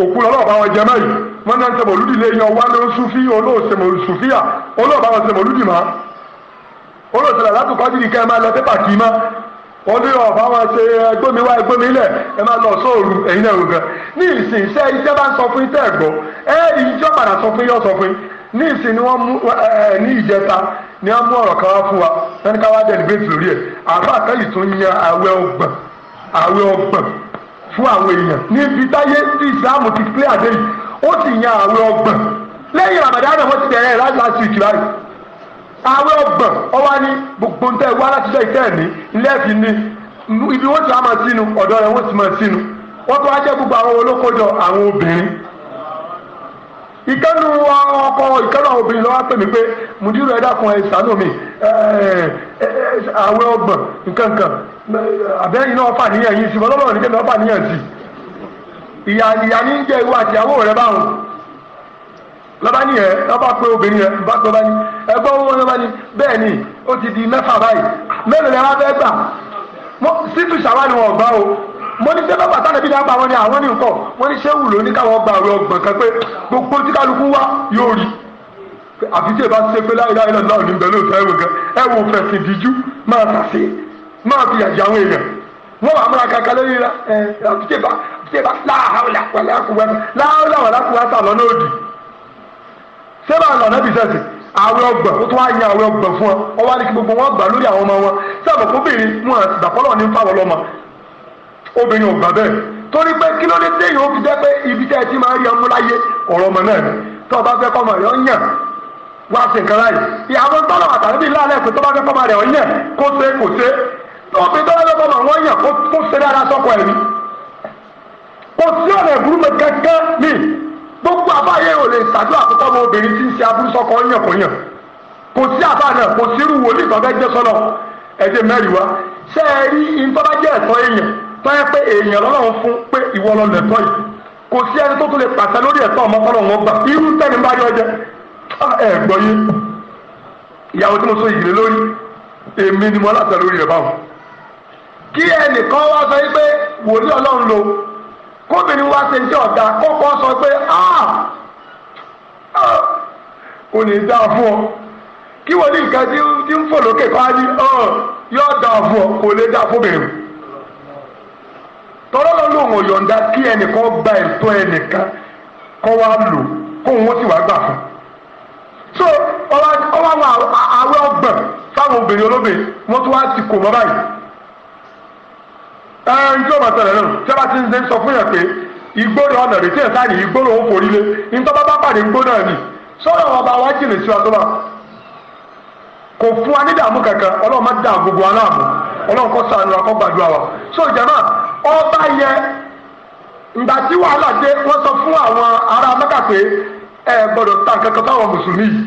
òkú ọlọ́ọ̀bá wọn jẹ mẹ́yìí wọ́n náà ń sẹ́mọ̀lúdì lé yan wálé ó súfí olóòsèmọ̀lúsùfíà olóòbá wọn sẹ́mọ̀lúdì máa olóòtú látò fájìlì kẹ́ ẹ máa lọ pépà kì í mọ́ wọ́n ní ọ̀bá wọn ṣe ẹgbómi wá ẹgbómi lẹ̀ ẹ máa lọ sóòrù ẹ̀yin náà gan ní ìsìn iṣẹ́ iṣẹ́ bá ń sọ fún iṣẹ́ ẹ̀gbọ́ ẹ ìjọ padà sọ fún yọ sọ fún ní ìsìn ni wọ́n mú ẹ ní ìjẹta ni wọ́n mú ọ̀rọ̀ kan wá fún wa wọ́n ní ká wá dẹ́nibéètì lórí ẹ̀ àbá kan yìí tó ń yan àwẹ̀ ọgbọ̀n àwẹ̀ ọgbọ̀n fún àwọn èèyàn níbi táyé tí ìsìlámù ti clear dé yìí ó sì yan àwẹ̀ ọgbọ̀n lẹ́yìn Ramadan náà wọ́n ti tẹ̀lé láti láti ìtura yìí ààrẹ ọgbọ̀n ọwá ní gbogbo ń tẹ́ wá láti jẹ́ ìtẹ́ ẹ̀mí lẹ́ẹ̀fì ni ibi wọ́n ti wá máa sínú ọ̀dọ́ rẹ̀ wọ́n ti máa sínú wọ́n tó wá jẹ́ gbogbo àwọn olókojọ àwọn obìnrin ìkẹ́nu ọkọ ìkẹ́nu àwọn obìnrin lọ́wọ́ pè mí pé mùdírù ẹ̀dá kan ẹ̀ sànú mi ààrẹ ọgbọ̀n nkankan àbẹ́yìn náà fà níyàn yìí sí ọlọ́run nígbà náà fà níyàn sí ìyá ìyá ní jẹ́ ìwọ àtìyàwó rẹ báwọn lọ́ba ní yẹn lọ́ba pé obìnrin yẹn bá lọ́ba ní ẹgbọ́n wọn lọ́ba ní bẹ́ẹ̀ ni ó ti di mẹ́fà báyìí mélòó ni wọ́n fẹ́ gbà sítú ṣàwá ni wọ́n gbà o mo ní sẹ́fẹ́ bàtà níbi ní àbá wọn ni àwọn ní nǹkan wọ́n ní sẹ́wù ló ní káwọn gba àwọn ọgbọ̀n kan pé gbogbo tí kálukú wá yóò rí àfi tí èbá ṣe pé láyé láyé lọ́dún ní bẹ̀rẹ̀ òfẹ́ ẹ̀wò kan ẹ̀wò fẹ̀sìn díjú máa tàṣe máa fi àjà àwọn èèyàn wọ́n wà múra kankan lórí ẹ̀ àfi tí èbá láàhàwọ̀ làkúwà láàhàwọ̀ làkúwà sàlọ́nà òdì sẹ́bà ń lọ náà bìí sẹ́sì àwẹ̀ ọgbọ̀n ó tún wá yan àwẹ̀ ọgbọ̀n fún ọ ọ wá ní kí gbogbo wọn gbà lórí àwọn ọmọ wọn sábà kó bèrè wọn àtìgbàpọ́lọ̀ ní fáwọn ọlọ́mọ obìnrin ò gbà bẹ́ẹ̀ torí pé kí ló dé dé yòó fi jẹ́ pé ibi tẹ́ ẹ ti máa ń yan múláyé ọ̀rọ̀ ọmọ náà ni tó o bá fẹ́ kọ́mọ yọ ń yàn wá sí nǹkan láyè ìyàwó tọ́lọ̀ àtàlẹ́bí lálẹ́ pé tó bá fẹ́ kọ́mọ rẹ̀ ọ̀ yàn kó ṣe kò ṣe obìnrin tọ́lọ̀ fẹ́ kọ́mọ mi gbogbo àbáyé ò lè ṣàdúrà àkọ́kọ́ mọ obìnrin tí ń ṣe aburú sọkọ yànkóyàn kò sí àbá náà kò sírú wòlíì tó fẹ́ gbé sọ́nà ẹ̀jẹ̀ mẹ́rin wá ṣé ẹ rí ìtọ́bájẹ́ ẹ̀tọ́ èèyàn tó yẹ pé èèyàn lọ́lọ́run fún pé ìwọ lọ lẹ̀tọ́ yìí kò sí ẹni tó tún lè pàṣẹ lórí ẹ̀tọ́ ọmọkọ́lọ́ wọn gbà irú tẹ́ni bá yọ jẹ ẹ gbọ́ yé ìyàwó tí mo sọ ìdílé lórí èmi ni mo láṣẹ lórí rẹ̀ báwọn kí ẹnìkan wá sọ yí pé wòlíì ọlọ́run lo kóbìnrin wá ṣe jẹ́ ọ̀gá kọ́kọ́ sọ pé kò ah! ah! ní dá fún ọ kí wọ́n ní nǹkan tí ń fò lókè kọ́ á ní yọ dá fún ọ kò lè dá fún bẹ̀rù tọ́lọ́ lọ́lọ́ òun ọ̀yọ̀ǹda kí ẹnìkan gba ẹ̀tọ́ ẹnìkan kọ́ wá lò kó wọ́n sì wá gbà fún so ọwọ́ àwọn àwẹ̀ ọgbọ̀n fáwọn obìnrin olóbìnrin wọ́n tún wá ti kò mọ́ báyìí. ẹn tí o bá ṣẹlẹ̀ náà tí a bá ti ń sọ fún yàn pé igbóòrò ọ̀nà rẹ̀ tí ẹ̀ sáà ní igbóòrò ó forí lé nítorí bá bá pàdé igbó náà nì sọ́dọ̀ wọn bá wá jìnnà sí wa tó bá kò fún wa ní dààmú kankan ọlọ́run má so jama ọba yẹ ìgbà tí wàhálà sọ fún àwọn ará pé ẹ gbọ́dọ̀ ta nǹkan fáwọn mùsùlùmí yìí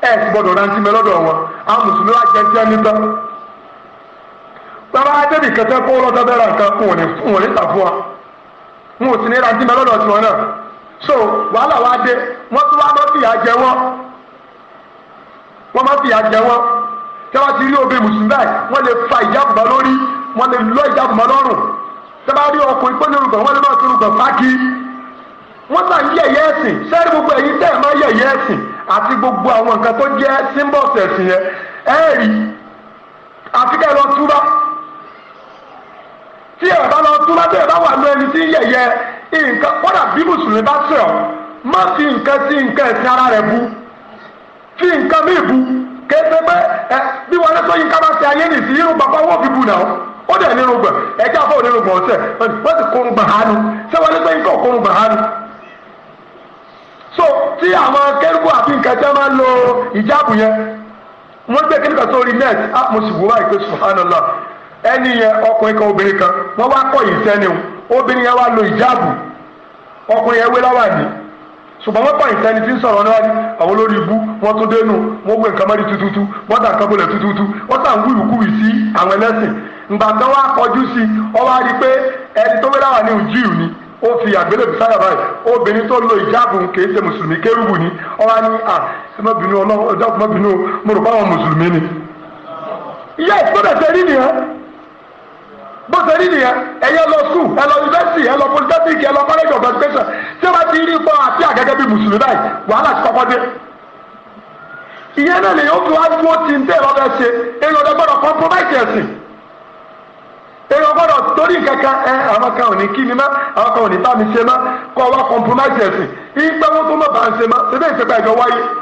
ẹ gbọ́dọ̀ rántí mẹ́lọ́dọ̀ wọn àwọn tọ́ba adébì kẹtẹ́ kó lọ́dọ̀ bẹ́ẹ̀ ra nǹkan wọn ò ní tà fún wa wọn ò sì ní ra dí mi lọ́dọ̀ tiwọn náà so wàhálà wa dé wọ́n tún wá má fìyà jẹ wọ́n wọ́n má fìyà jẹ wọ́n tẹ́wá ti rí obìnrin mùsùlùmí báyìí wọ́n lè fa ìjábùbá lórí wọ́n lè lọ ìjábùbá lọ́rùn tẹ́wá rí ọkùnrin pé lórúkọ wọ́n lè má tó lórúkọ fákì wọ́n sàn yẹ̀yẹ́ ẹ̀sìn sẹ́ẹ̀rì gbogbo ẹ̀yin tẹ́ ẹ̀ má yẹ̀yẹ́ ẹ̀sìn àti gbogbo àwọn nǹkan tó jẹ́ símbọ̀sì ẹ̀sìn yẹn ẹ̀ẹ́rì àfikẹ́ lọ túbá tí ẹ bá lọ tún lábẹ́ ẹ bá wà lọ ẹni tí ń yẹ̀yẹ́ nǹkan kódà bí mùsùlùmí bá sẹ̀ má fi nǹkan sí nǹkan ẹ̀sìn ara rẹ̀ bu fi nǹkan míì bu kéde pé ẹ bí wọn lọ́sọ yín ká bá ṣe ayé nìsí irun bàbá owó fi bu náà ó dẹ̀ nínú gbọ̀n ẹjẹ́ àbọ̀ nínú gbọ̀n ọ̀sẹ̀ wọ́n ti kórun gbà hánu ṣé wọ́n lọ́sọ yín kọ́ kórun gbà hánu. so tí àwọn kẹ́rùkù àfi nǹkan tẹ́ máa ń lo ìjáàbù yẹn wọ́n gbé kíníkà sórí net á ah, mo sì wúwa ìpè subhanallah ẹni yẹn ọkùnrin kan obìnrin kan wọn wá kọ̀ yìí sẹ́ni o obìnrin yẹn wá lo ìjáàbù ọkùnrin yẹn wé lọ́wọ́ àní ṣùgbọ́n wọ́n kọ̀ yìí tí ń sọ̀rọ̀ níwájú àwọn olórí ibú tún tututu wọ́n dà nǹkan tututu wọ́n sàn wúlùkúwì sí àwọn ẹlẹ́sìn ìgbà tó wá kọjú sí i pé ni ó fi sáyà báyìí obìnrin tó lo ìjáàbù ṣe mùsùlùmí kérúbù ni bó ṣe rí nìyẹn ẹ̀yẹ lọ skul ẹ lọ yunifásitì ẹ lọ polytechnic ẹ lọ college of education tí wọ́n ti rí ipò àti àgẹ́gẹ́ bíi mùsùlùmí báyìí wàhálà ti kọ́kọ́ dé. ìyẹn náà lè yóò fi wá dúró tí ń tẹ̀ lọ́dọ̀ ṣe èyí ọ̀dọ̀ gbọ́dọ̀ compromise ẹ̀sìn èyí ọgbọ́dọ̀ torí kankan ẹ àwọn kan ò ní kí mi mọ́ àwọn kan ò ní bá mi ṣe mọ́ kọ́ wa compromise ẹ̀sìn ìgbẹ́wọ́n tó mọ̀ bá ń ṣe mọ́ ṣe bẹ́ẹ̀ ṣe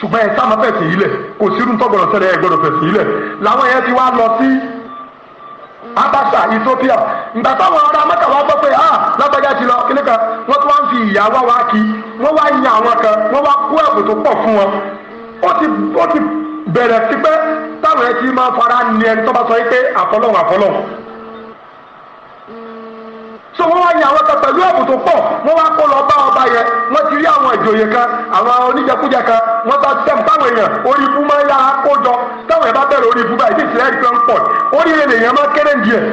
ṣùgbọ́n ẹ sáà má fẹ̀sìn yìí lẹ̀ kò sírú tọ́gbọ̀rọ̀ sẹ́lẹ̀ ẹ gbọ́dọ̀ fẹ̀sìn yìí lẹ̀ làwọn yẹn ti wá lọ sí Abasa Ethiopia ìgbà táwọn ará Mẹ́kà wá gbọ́ pé ah lágbájá ti lọ kíní kan wọ́n tún wá ń fi ìyá wá wá kí wọ́n wá yan àwọn kan wọ́n wá kó ẹ̀bùn tó pọ̀ fún wọn ó ti ó ti bẹ̀rẹ̀ tipẹ́ táwọn ẹ ti máa fara ní ẹni tó bá sọ yìí pé àfọlọ́hùn àfọlọ́hùn so wọ́n wá yan àwọn kan pẹ̀lú ẹ̀bùn tó pọ̀ wọ́n wá kó lọ bá ọba yẹn wọ́n ti rí àwọn ìjòyè kan àwọn oníjẹkújẹ kan wọ́n bá tẹ̀m táwọn èèyàn orí ibú máa yá kójọ táwọn èèyàn bá bẹ̀rẹ̀ orí ibú báyìí tí ìsìlẹ̀ ìgbẹ́ ń pọ̀ orí rẹ̀ lèèyàn máa kéré ń díẹ̀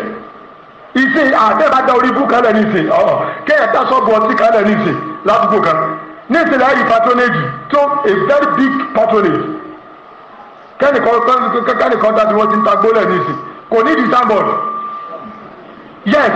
ìsìn àtẹ̀bàdà orí ibú kan lẹ̀ ní ìsìn ọ̀ kéèyàn dá sọ́ọ̀bù ọtí kan lẹ̀ ní ìsìn ládùúgbò kan ní ìsìn patronage tó a very big patronage kẹ́nìkan kẹ́nìkan dá ti wọ́n ti ta gbólẹ̀ ní ìsìn kò ní ìdí signboard yes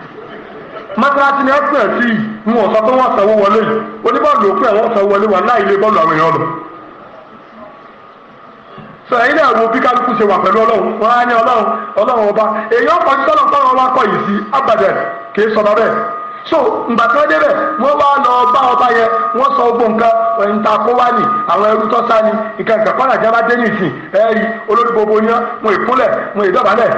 mọ́sálásí ni ọ́pẹ́ sí i wọn ò sọ pé wọ́n sanwó wọlé yìí oníbọ̀ọ̀lù òkú ẹ̀ wọ́n sanwó wọlé wà láì lé bọ́ọ̀lù àwọn èèyàn lọ. sọ èyí náà wo bí kálukú ṣe wà pẹ̀lú ọlọ́run wọn á ní ọlọ́run ọlọ́run ọba èèyàn kọjú sọ́nà fáwọn ọba kọ yìí sí abàdẹ kì í sọ bá bẹ́ẹ̀ so ìgbà tí wọ́n débẹ̀ wọ́n lọ bá ọba yẹn wọ́n sọ gbogbo nǹkan ẹ̀yìn ta kó wá ní àwọn ẹrú tó sá nǹkan nǹkan kọ́nà jábá dé ní ìsìn ẹ̀rí olórí gbogbo yẹn wọ́n ìkúnlẹ̀ wọ́n ìdọ̀bálẹ̀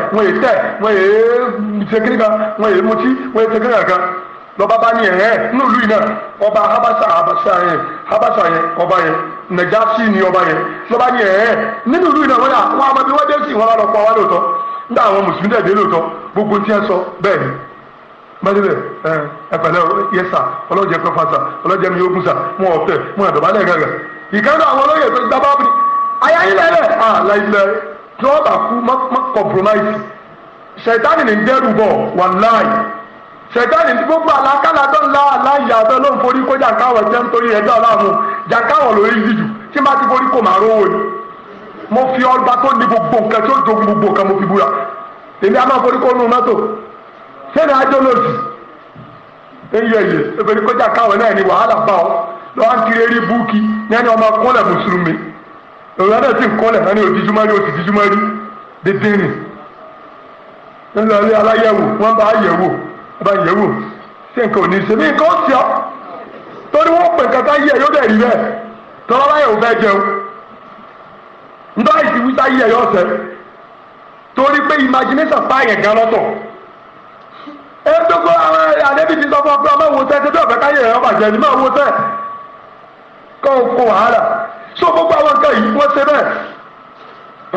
kan ọba habasa habasa yẹn habasa yẹn ọba yẹn ni ọba yẹn lọ́ba ní ẹ̀hẹ́ nínú ìlú iná wọ́n àwọn wọn bàdébẹ̀ ẹ ẹ pẹ̀lẹ́ yẹ sà ọlọ́jẹ pẹ́ fa sà ọlọ́jẹ mi ogun sà mo ọ̀fẹ́ mo ẹ̀dọ̀bálẹ̀ gàgà ìkànnì àwọn olóyè tó dábà mi ayé ayé lẹ́lẹ̀ ah láìlẹ̀ tí wọ́n bá kú má compromise ṣẹ̀tánì ní dẹ́rù bọ̀ wà láì ṣẹ̀tánì ní gbogbo àlákàlà tó ń la aláìyá ọ̀dọ́ ló ń forí kó jàǹkáwọ̀ jẹ́ nítorí ẹjọ́ aláàmú jàǹkáwọ̀ lórí yíyù tí má ti forí kò máa rówó ni mo fi ọgbà tó ní gbogbo nǹkan tó jogun gbogbo nǹkan mo fi búra èmi a máa forí kó nù mọ́tò sẹ́nu ajọ́ lòdì eyín ẹ̀yẹ ebèrè kọjá káwọn náà ní wàhálà bá ọ lọ́wọ́ ń kiri eré búùkì ní ẹni ọmọ kúnlẹ̀ mùsùlùmí òun náà sì ń kúnlẹ̀ náà ní òdìjúmọ́ rí òdìjúmọ́ rí dídín nì ńlọ ilé aláyẹ̀wò wọ́n bá yẹ̀wò bá yẹ̀wò sí nǹkan ò ní ṣe mí nǹkan ó ṣe ọ́ torí wọ́n pè kẹta yẹ yóò dẹ̀ rí bẹ́ẹ̀ tọ́lá láyẹ̀wò fẹ́ jẹun ńdọ́ àìsí wíṣá yẹ yọ ọ̀sẹ̀ torí pé imagination bá yẹn gan lọ́tọ̀ ẹ̀ẹ́dógó àwọn àdébí ti sọ fún ọmọ ìwòsàn ṣe bí ọ̀fẹ́ káyé ẹ̀rọ bàjẹ́ ní máa wòsàn kọ́ wàhálà so gbogbo àwọn nǹkan yìí wọ́n ṣe bẹ́ẹ̀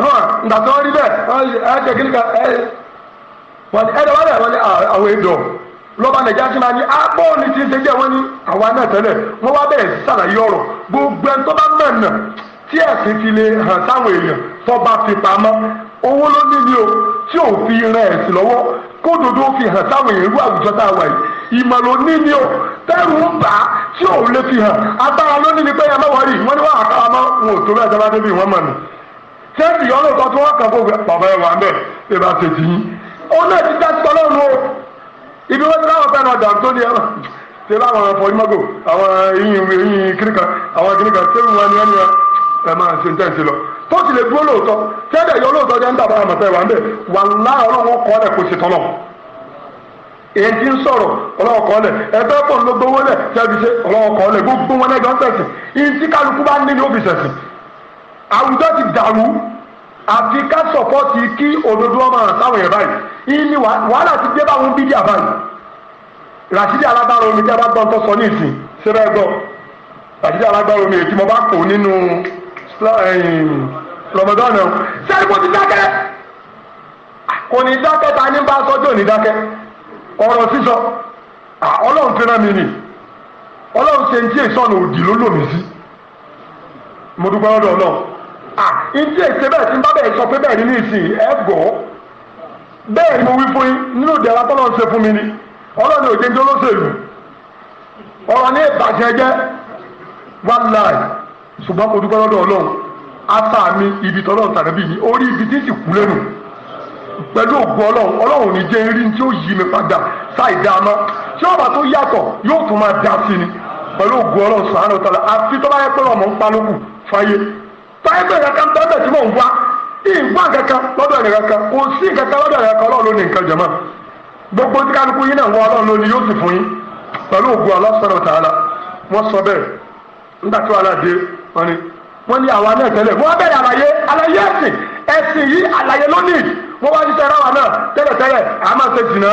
hàn ǹdàtọ́ rí bẹ́ẹ̀ ẹ̀ẹ́dẹ̀ kí nìkan ẹ̀ wọ́n ní ẹ̀ẹ́dẹ̀ àwọn èdò nàìjíríà ti máa ní abọ́ ni ti ṣe àwa náà wá ṣàlàyé gbogbo ẹni tó bá mẹ́nà tí ẹ̀sìn ti lè hàn sáwọn ni o tí fi ẹ̀sìn kó dodo fi hàn sáwọn èèyàn irú àwùjọ tá a wà yìí ìmọ̀ràn òní o tẹ́rù ń bà á tí òun lè fi hàn agbára lónìí ni pé ẹ má wọrí wọ́n ní wọ́n àká ọmọ wọn ò tó bẹ́ẹ̀ sábà débi ìwọ́n mọ̀ nù. sẹ́ẹ̀tì ọlọ́tọ̀ tí wọ́n kàn fún bàbá ẹ̀ wà mẹ́ ẹ bá ṣe tì yín. ó náà ti dá tọ́lọ́ nu o ibi wọ́n ti láwọn fẹ́ràn ọ̀dà tó ní ẹ ṣe láwọn ọ̀fọ̀ ìmọ̀gò àwọn eyín eyín kíríkan àwọn kíríkan ṣé tó sì lè dúró lóòótọ́ sẹ́dẹ̀ yọ lóòótọ́ jẹ́ ń dàbára mọ̀tẹ́ wà ń bẹ̀ wà láà ọlọ́run kọ́ ọ́lẹ̀ kò sì tọ́lọ̀ èyí ti ń sọ̀rọ̀ ọlọ́run kọ́ ọ́lẹ̀ ẹgbẹ́ pọ̀ ló gbowó lẹ̀ jẹ́bi ṣe ọlọ́run kọ́ ọ́lẹ̀ gbogbo wọn lẹ́gbẹ́ sẹ̀sìn èyí tí kálukú bá ní ní òbí sẹ̀sìn àwùjọ ti dàrú àfi ká sọ̀pọ́tì kí òdodo ọmọ àtàwọn yẹn báyìí yìí ni wàhálà ti dé báwọn bídí àbáyìí ràṣídì alágbára omi tí a bá gbọ́ ń tọ́ sọ ní ìsìn ṣé bẹ́ẹ̀ gbọ́ ràṣídì alágbára omi èyí tí mo bá kó nínú rọmọdọ́nù sẹ́ni mo ti dákẹ́ kò ní dákẹ́ ta ní bá sọ́jọ́ ní dákẹ́ ọ̀rọ̀ sísọ ọlọ́run fi rán mi nì ọlọ́run ṣe ń tí èso ní òdì ló lò mí sí mo dúpẹ́ lọ́dọ̀ ah, ìdí èsè bẹ́ẹ̀ tí ń bá bẹ́ẹ̀ sọ pé bẹ́ẹ̀ ní ní ìsìn ẹ̀ gọ́ bẹ́ẹ̀ ni mo wí fún yín nínú ìdẹ̀ra tọ́lọ́run ṣe fún mi ni ọlọ́run ò jẹ́ ń jẹ́ olóṣèlú ọ̀rọ̀ ní ìbàjẹ́ jẹ́ wàláì ṣùgbọ́n mo dúpẹ́ lọ́dọ̀ ọlọ́run ata mi ibi tọ́lọ́run tàbí bí mi orí ibi tí sì kú lẹ́nu pẹ̀lú ògùn ọlọ́run ọlọ́run ní jẹ́ rí tí ó yí mi padà sáì dáná tí ọba tó yàtọ̀ yóò tún máa dá sí ni pẹ̀lú ògùn ọlọ́run sàánù tọ́lá àfi tọ́lá yẹ pé ọmọ ń pa lókù fáyé fáyé pé kankan bẹ́ẹ̀ tí mò ń wá ìgbà kankan lọ́dọ̀ ẹ̀rẹ̀ kankan kò sí kankan lọ́dọ̀ ẹ̀rẹ̀ kankan ọlọ́run ló ní nǹkan jẹ̀mọ́ gbogbo tí kálukú yín náà wọ ọlọ́run ló ní yóò sì fún yín pẹ̀lú ògùn ọlọ́run sàánù tààlà wọ́n sọ bẹ́ẹ̀ nígbà tí wàhálà dé wọ́n ní wọ́n ní àwa náà tẹ́lẹ̀ wọ́n bẹ̀rẹ̀ àlàyé àlàyé ẹ̀sìn ẹ̀sìn yìí àlàyé lónìí wọ́n wá títẹ̀ ra wa náà tẹ́lẹ̀tẹ́lẹ̀ a máa ṣe jìnnà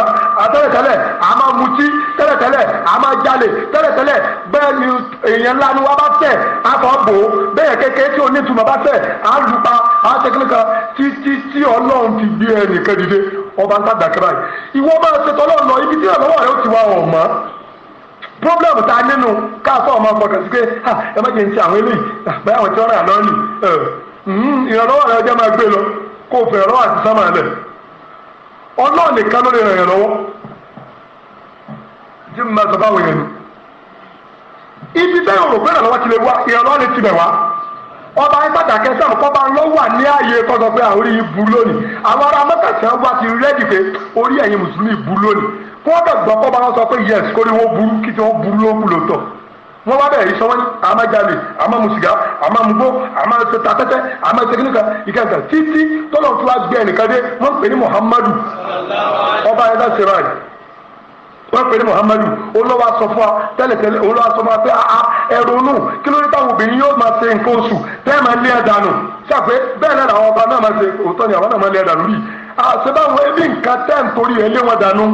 tẹ́lẹ̀tẹ́lẹ̀ a máa mutí tẹ́lẹ̀tẹ́lẹ̀ a máa jalè tẹ́lẹ̀tẹ́lẹ̀ bẹ́ẹ̀ ni èèyàn ńlá ni wọ́n bá fẹ́ a fọ́ bò ó bẹ́ẹ̀ kékeré tí onítùmọ̀ bá fẹ́ a lù pa a tẹ́kínì kan títí tí ọlọ́run ti gbé ẹnìkan dìde ọba ń tàgbà kẹ́bàá yìí ìwọ máa ṣètò ọlọ́run lọ ibi tí ìrànlọ́wọ́ rẹ ó ti wá ọ̀ problem ta n'inu káàtó ọmọ gbọdọ̀ sí pé ẹ má jẹ́ awon ti àwọn eléyìí àpẹ eh mm wọ́n rà na hmm, ìrànlọ́wọ́ rẹ ọjọ́ máa gbé lọ kó o fẹ̀rọ àti sámà lẹ̀ ọlọ́ọ̀ nìkan ló lè ibi bẹ́ẹ̀ yóò rò pé ìrànlọ́wọ́ ti ni ti ọba pàtàkì wà ní ààyè pé àwọn orí yìí bu lónìí àwọn ará mọ́tàkì ti pé orí wọ́n kà gbọ́ kọ́ bá wọn sọ pé yes kó ní wọ́n burú kí tí wọ́n burú ló kú lóòótọ́ wọ́n wá bẹ̀rẹ̀ sọ wọ́n ní àmàjalè àmàmùsìgá àmàmùgbó àmàtẹ́tẹ́ àmàtẹ́kínìkà ìkẹta títí tọ́lọ̀ tó wá gbé ẹnìkan dé wọ́n pè ní Muhammadu ọba ẹ̀dá sèrè àyè wọ́n pè ní Muhammadu olówó aṣọ fún wa tẹ́lẹ̀tẹ́lẹ̀ olówó aṣọ fún wa pé aa ẹ̀rọ nù kí ló dé táwọn obìnrin yóò máa ṣe nǹkan oṣù tẹ́ẹ̀ máa lé ẹ̀dà nù ṣàpé bẹ́ẹ̀ náà làwọn ọba náà máa ṣe òótọ́ ni àwọn náà máa lé ẹ̀dà nù yìí àṣebáwo ah, ebi nǹkan tẹ́ ń torí ẹ̀ lé wọn dànù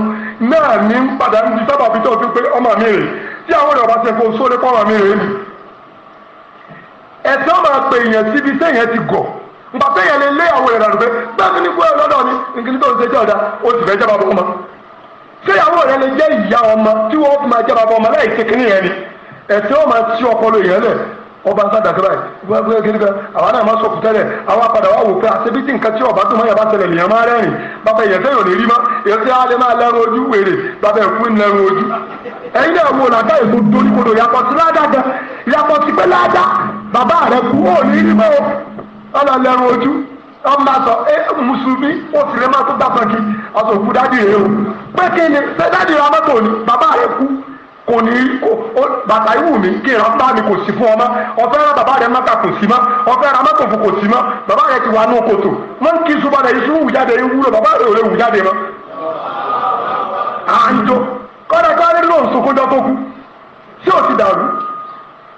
náà ní ń padà níbi sábà fi tó o ti pé ọmọ mi rè tí àwọn ọ̀dọ̀ bá ṣe kó o sóore kó ọmọ mi rè ni. ẹ̀sán máa pè èèyàn síbi téèyàn ti gọ̀ nígbà téèyàn lè lé àwọn ìrànlọ́ pé bẹ́ẹ̀ ni kó ẹ lọ́dọ̀ ni nkiri tó ń ṣe jẹ́ ọ̀dà ó ti fẹ́ jábà fún ọmọ. séyàwó rẹ lè jẹ́ ìyá ọmọ tí wọ́n fi máa jábà fún ọmọ láì ṣe kínní yẹn ni ẹ̀sán máa ṣí ọpọlọ ọba nsàdà tó báyìí wọn gbé kékeré kan àwọn náà máa sọ kùtẹ́lẹ̀ àwọn apàdà wà wò pé àṣebí tí nǹkan tí ọba tó máa yàrá tẹlẹ nìyẹn máa rẹ́rìn bàbá èyàn tẹ́yàn lè rí má èyàn tí alẹ́ máa lẹ́rù ojú wèrè bàbá ẹ̀kú ń lẹ́rù ojú. ẹ̀yin náà wo làdá èso dolíkodò yàtọ̀ sí ládàá gan yàtọ̀ sí pé ládàá bàbá rẹ kú ó ní rí mọ́ ọ̀nà lẹ́rù ojú ọmọ àtọ̀ ẹ mùsùlùmí ó sì lè má tó gbà kò ní bàtà ìwù mi kí ìran bá mi kò sí fún ọmọ ọfẹ ra bàbá rẹ mọta kò sí mọ ọfẹ ra mọtò fún kò sí mọ bàbá rẹ ti wà nù kòtò mọ kí sùn padà yìí sùn wù jáde wúlò bàbá rẹ ò lè wù jáde mọ. àǹjọ kọ́dà kí wọ́n lè lóun sunkúnjọ tó kú tí ò ti dàrú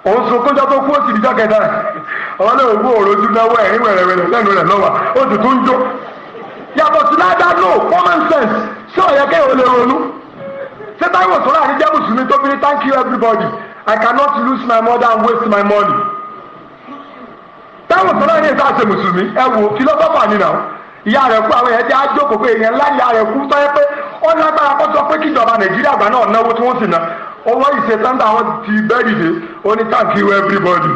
òun sunkúnjọ tó kú ó sì di jákèjá rẹ ọ̀rọ̀ náà wú òòrùn ojú náà wọ ẹ̀rín wẹ̀rẹ̀wẹ̀rẹ̀ lẹ́nu rẹ̀ lọ́wọ́ ó sì jó yàtọ̀ sí ládàá no common sense ṣé ọ̀yẹ́kẹ́ ò ṣé táwọn sọ̀rọ̀ àríjẹ́ mùsùlùmí me to ní thank you everybody I cannot lose my mother and waste my money. táwọn sọ̀rọ̀ àríjẹ́ ìta ṣe mùsùlùmí ẹ wò kí ló bọ́fà nínà ìyá rẹ̀ kú àwọn ẹ̀jẹ̀ àjòkò pé èèyàn ńlá ìyá rẹ̀ kú sọ́yẹ́ pé ó lágbára kó sọ pé kíjọba Nàìjíríà àgbà náà náwó tí wọ́n sì ná owó ìṣètọ́ńtà wọn ti bẹ́ẹ̀ dìde ó ní thank you everybody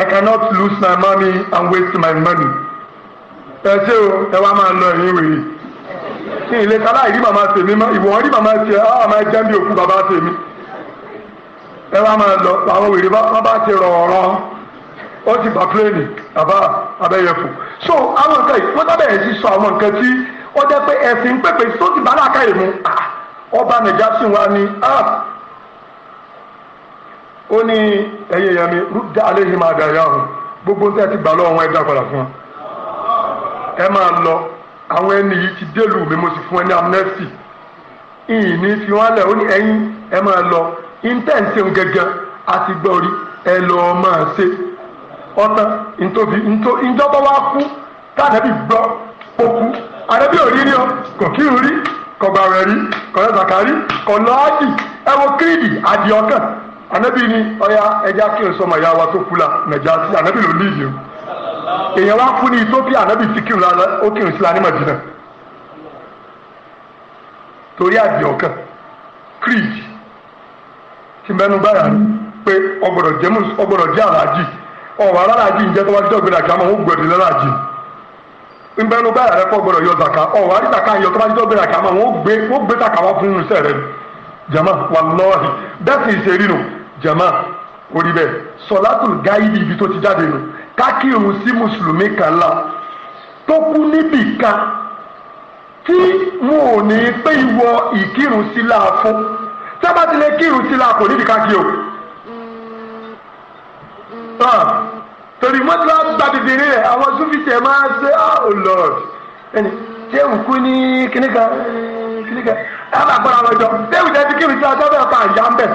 I cannot lose my money and waste my money. ẹ ṣé o ẹ wá máa lọ ìyín wèé kí n lè kálá ìrí màmá tèmi mọ́ ìwọ̀n rí màmá tiẹ̀ á máa jẹ́ òkú bàbá tèmi ẹ bá máa lọ àwọn wèrè bá bá ti rọ̀ ó ti gbà pléènì bàbá abẹ́yẹfò so àwọn nǹkan yìí wọ́n dábẹ̀ẹ́ sí sọ àwọn nǹkan tí ó jẹ́ pé ẹ̀sìn pépè tó ti bá láàkàyè mu ọba nìjà sí wa ni ó ní ẹ̀yìn ìyá mi rúdà aléhìmọ̀ àdàyà ọ̀hún gbogbo ń ti gbà lọ́wọ́ wọn ẹ dá fún wa ẹ máa lọ àwọn ẹni yìí ti délùú mi mo sì fún ẹ ní amnesty ìyìn ní fi wọn lẹ ó ní ẹ̀yin ẹ máa lọ intense gẹ́gẹ́ àti gbọrí ẹ lọ máa ṣe ọtán ntóbi ntó ìjọba wa kú tàbí gbọ́ òkú àdébí òrí ni ọ kò kí n rí kò gbàwẹ̀ rí kò lọ zakari kò lọ ájì ẹ wo kírìdì àdìọkàn ànábì ni ọya ẹja kí n sọmọ ìyá wa tó kú la nàìjà sí ànábì ló ní ìdí o èèyàn wá kú ní ethiopia ànábì sí kírun lálẹ́ ó kírun sí lálẹ́ mọ̀dínà torí àdìẹ ọkàn creed ti mẹ́nu báyà ni pé ọgbọ̀dọ̀ jẹ́ mùs ọgbọ̀dọ̀ jẹ́ aláàjì ọ̀wọ̀ aláàjì ń jẹ́ tó wá jẹ́ ògbéra kí a máa ń gbọ̀dọ̀ láláàjì ń mẹ́nu báyà rẹ kọ́ ọgbọ̀dọ̀ yọ zaka ọ̀wọ̀ àríṣàká yọ tó wá jẹ́ ògbéra kí a máa ń gbé wọ́n gbé zaka wá fún irunṣẹ́ rẹ jama wallahi bẹ́ẹ̀ sì ṣe rí nu jama orí bẹ́ẹ̀ sọ̀látùl gáìdì ibi tó ti jáde kákìrún sí mùsùlùmí kan la tó kú níbì kan tí wọn ò ní pé ìwọ ìkírun sí la fún sábà kírun sí la kò níbi ká kí ah, torí wọn ti wá gba bìbìrì rẹ àwọn súnfìsẹ máa ṣe ah, oh lord ẹni tẹ́wù kú ní kíníkà eh, kíníkà ẹ máa gbọ́dọ̀ àwọn ìjọ tẹ́wù jẹ́ ti kírun sí ọjọ́ bẹ́ẹ̀ pa àyà ń bẹ̀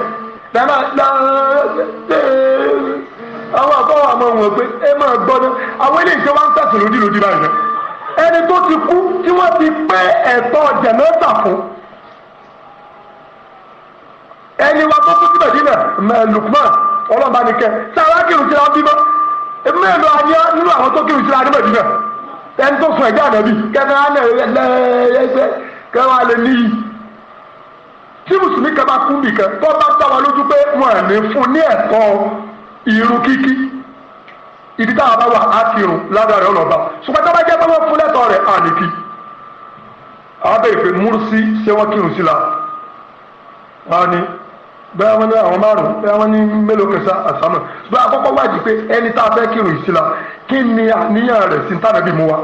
lẹ́nu àwọn àbáwọ̀ àmọ́ wọn pé ẹ máa gbọ́ ná àwọn eléyìí tí wọ́n ń tẹ̀sùn lòdì lòdì báyìí ná ẹni tó ti kú tí wọ́n ti pé ẹ̀tọ́ jẹ̀nẹ́tà fún ẹni wa tó kú síbẹ̀ dínà Lukman ọlọ́mọba ni kẹ sàrà kìrù sí ra bímọ mẹ́rin àníyá nínú àwọn tó kìrù sí ra níbẹ̀ dínà ẹni tó sùn ẹ̀jẹ̀ ànábì kẹ́kẹ́ á nà lẹ́ẹ̀ẹ́sẹ̀ kẹ́wàá lè níyì tí mùsùlùmí kan bá kú nìkan tó bá dá wa lójú pé wọn à ní fún ní ẹ̀tọ́ irun kíkí ibi tá a bá wà á ti rùn lára rẹ̀ ọlọ́ba ṣùgbọ́n tó bá jẹ́ pé wọ́n fún lẹ́tọ̀ rẹ̀ àníkì àbẹ̀rẹ̀ pé múrùsí ṣé wọ́n kírun sí la wọ́n á ní bẹ́ẹ̀ wọ́n ní àwọn márùn-ún bẹ́ẹ̀ wọ́n ní mélòó kẹsà àsámù ṣùgbọ́n àkọ́kọ́ wájú pé ẹni tá a fẹ́ kírun sí la kí ni àníyàn rẹ̀ sí tánà bí mu wa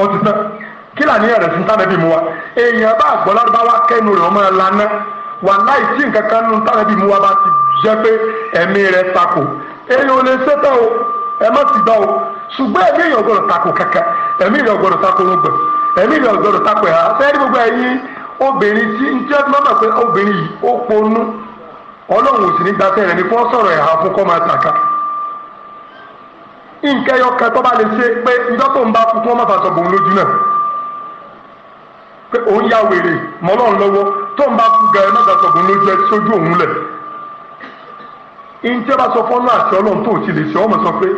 ó ti tán kí làníyàn rẹ̀ sí tánà bí mu wa èèyàn bá àgbọ̀ lárúbáwá kẹ́nu rẹ̀ ọmọ ẹ̀ lánàá wàláì tí nǹkan kan nù mu bá ti jẹ́ pé ẹ̀mí eyi takò o ẹ má ti gbà o ṣùgbọ́n ẹ̀mí èèyàn gbọ́dọ̀ takò kankan ẹ̀mí èèyàn gbọ́dọ̀ takò rúgbẹ̀ ẹ̀mí èèyàn gbọ́dọ̀ takò fẹ́ẹ́rí gbogbo ẹ̀yìn obìnrin tí ń jẹ́ mọ́mọ́ pé obìnrin yìí ó ponú ọlọ́run ò sì ní gbàtẹ́ rẹ̀ ní tó ń bá kú gan ẹ má dàtọ̀ òun ló jẹ sójú òun lẹ̀ ìjẹ́ bá sọ fọ́nà àti ọlọ́run tó ti lè ṣe ọmọ sọ pé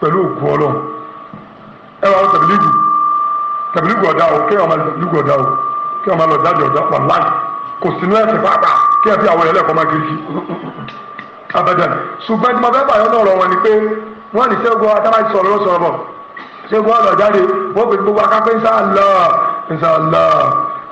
pẹ̀lú ògùn ọlọ́run ẹ wà tàbílígù tàbílígù ọ̀dà o kí ọmọ tàbílígù ọ̀dà o kí ọmọ lọ dájọ ọ̀dà wà láì kò sínú ẹsẹ̀ pàápàá kí ẹ fi àwọn ẹlẹ́kọ̀ọ́ máa kiri abadan ṣùgbọ́n tí mo fẹ́ bàyọ́ náà rọ̀ wọn ni pé wọ́n ní ṣẹ́gun adámáyé sọ̀rọ̀ ló sọ̀rọ̀ bọ̀ ṣẹ́gun ọ̀lọ́jáde wọ́n pè gbogbo akápẹ́ inshallah inshallah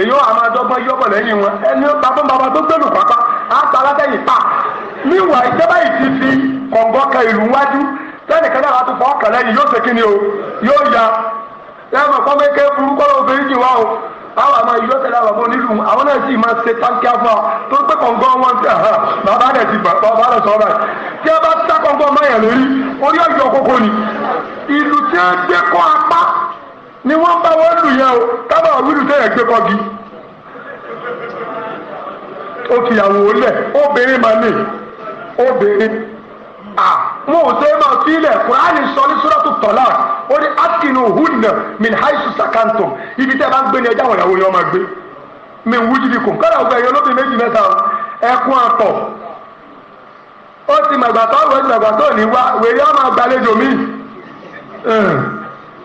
èyí ó àwọn adọ́gbọ́n yọ́bọ̀ lẹ́yìn wọn ẹni bàbá bàbá tó gbẹ́lù pápá á pa alátẹ̀yìn pa níwà ìjọba yìí ti fi kọ̀ǹgọ́ kan ìlú wájú sẹ́ni kan náà wàá tún fọ́ ọkàn lẹ́yìn yóò ṣe kíni o yóò ya lẹ́mọ̀ pọ́nmẹ́kẹ́ burúkú ló fi ń jì wá o àwọn àmọ́ ìlú ọ̀tẹ̀lẹ̀ àwọn ọmọ nílùú àwọn náà sì máa ṣe táǹkì àfọ́ tó pé kọ̀ǹgọ́ wọn tẹ̀ hàn bàbá rẹ̀ ti bàbá rẹ̀ sọ̀rọ̀ rẹ̀ tí a bá sá kọ̀ǹgọ́ mọ́ yẹn lórí orí ọ̀yọ́ kókó ni ìlú tí a gbé kọ́ apá ni wọ́n bá wọ́n lù yẹn o tábà wílù tẹ̀yẹ̀ gbé kọ́gi ó fi àwọn olẹ obìnrin máa ní obìnrin à mo ò sẹ́ máa fi ilẹ̀ kùránì sọ ní sọ́dọ̀tù tọ́lá ó ní atkinu hunna min haisu sakantum ibi tẹ́ bá ń gbé ni ẹjọ́ àwọn ìyàwó yẹn máa gbé mi ń wújú kíkùn kọ́dà ọgbà ẹ̀yọ́ lóbi méjì mẹ́ta ẹkún àtọ̀ ó ti màgbà tó ti màgbà ní wá wèrè ọmọ àgbàlejò mi.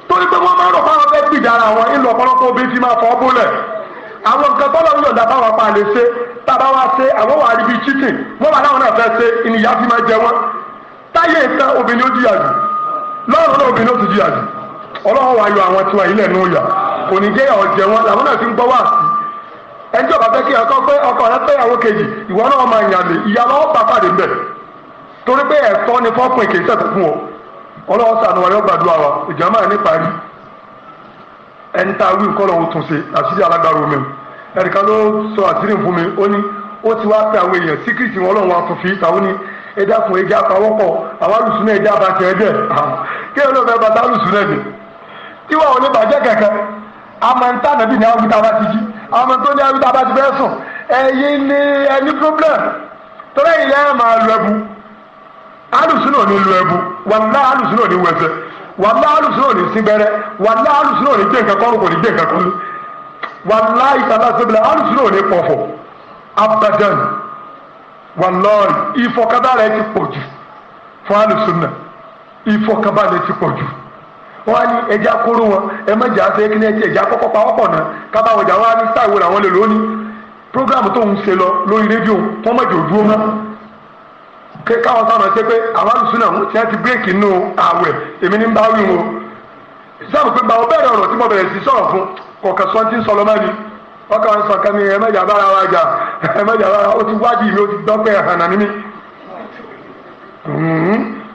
torí pé wọ́n máa ń rọ̀ fáwọn fẹ́ gbìjà ara wọn ìlú ọ̀pọ̀lọpọ̀ obìnrin ti máa fọ́ àwọn nǹkan tọ́lọ̀ ń yọ̀ǹda báwọn pa lè ṣe tá a bá wá ṣe àwọn wà á rí chicken wọ́n bá láwọn náà fẹ́ ṣe táyé obìnrin ó jìyà jù lọ́rùn obìnrin ó ti jìyà jù i bá fẹ́ kí ọkọ pé ọkọ rẹ kejì ìwọ náà máa yàn lè ọlọ́wọ́ sànù wa yóò gbàdúrà wa ìjàmbá ní parí ẹni tá a wí nǹkan lọ́wọ́ tún ṣe àṣírí alágbára omi ẹnìkan ló sọ àṣírí fún mi ó ní ó ti wá pé àwọn èèyàn síkírìtì wọn lọ́wọ́ àtúnfi ìtàwọn ní ẹja fún ẹja àpawọ́pọ̀ àwọn alùsùnà ẹja àbàtì ẹ̀jẹ̀ ah, kéèyàn ló fẹ́ bàtà alùsùnà ẹ̀jẹ̀ tí wọn ò ní bàjẹ́ kẹ̀kẹ́ amọ̀ntà nàbí ni àwọn ìtàbá ti jí amọ̀ntà ni àwọn ìtàbá ti fẹ́ sùn ẹ̀yin ni ẹni problem tọ́lá ìlẹ́ máa lọ ẹ̀bùn alùsùn náà ní lu ẹbu wàlá alùsùn náà ní wẹsẹ wàlá alùsùn náà na síbẹrẹ wàlá alùsùn náà ní gbé nǹkan kọrùn kò ní gbé nǹkan kọrùn wàlá ìtàlá abadan wàlá ti pọ̀ jù fún alùsùn náà ti program tó ń lọ lórí rédíò dúró pé káwọn sáà máa ṣe pé àwọn àlùsùn náà ṣe ti bírèkì nù àwẹ̀ èmi ní bá wí wọn. sábà pé báwo bẹ́ẹ̀ ọ̀rọ̀ tí mo bẹ̀rẹ̀ sí sọ̀rọ̀ fún kọ̀ọ̀kan ti ń sọ lọ́mọ́ ni wọ́n kàn ń sọ kan ní ẹ bára wa jà ẹ bára ti mi o ti dọ́pẹ́ hànà mímí.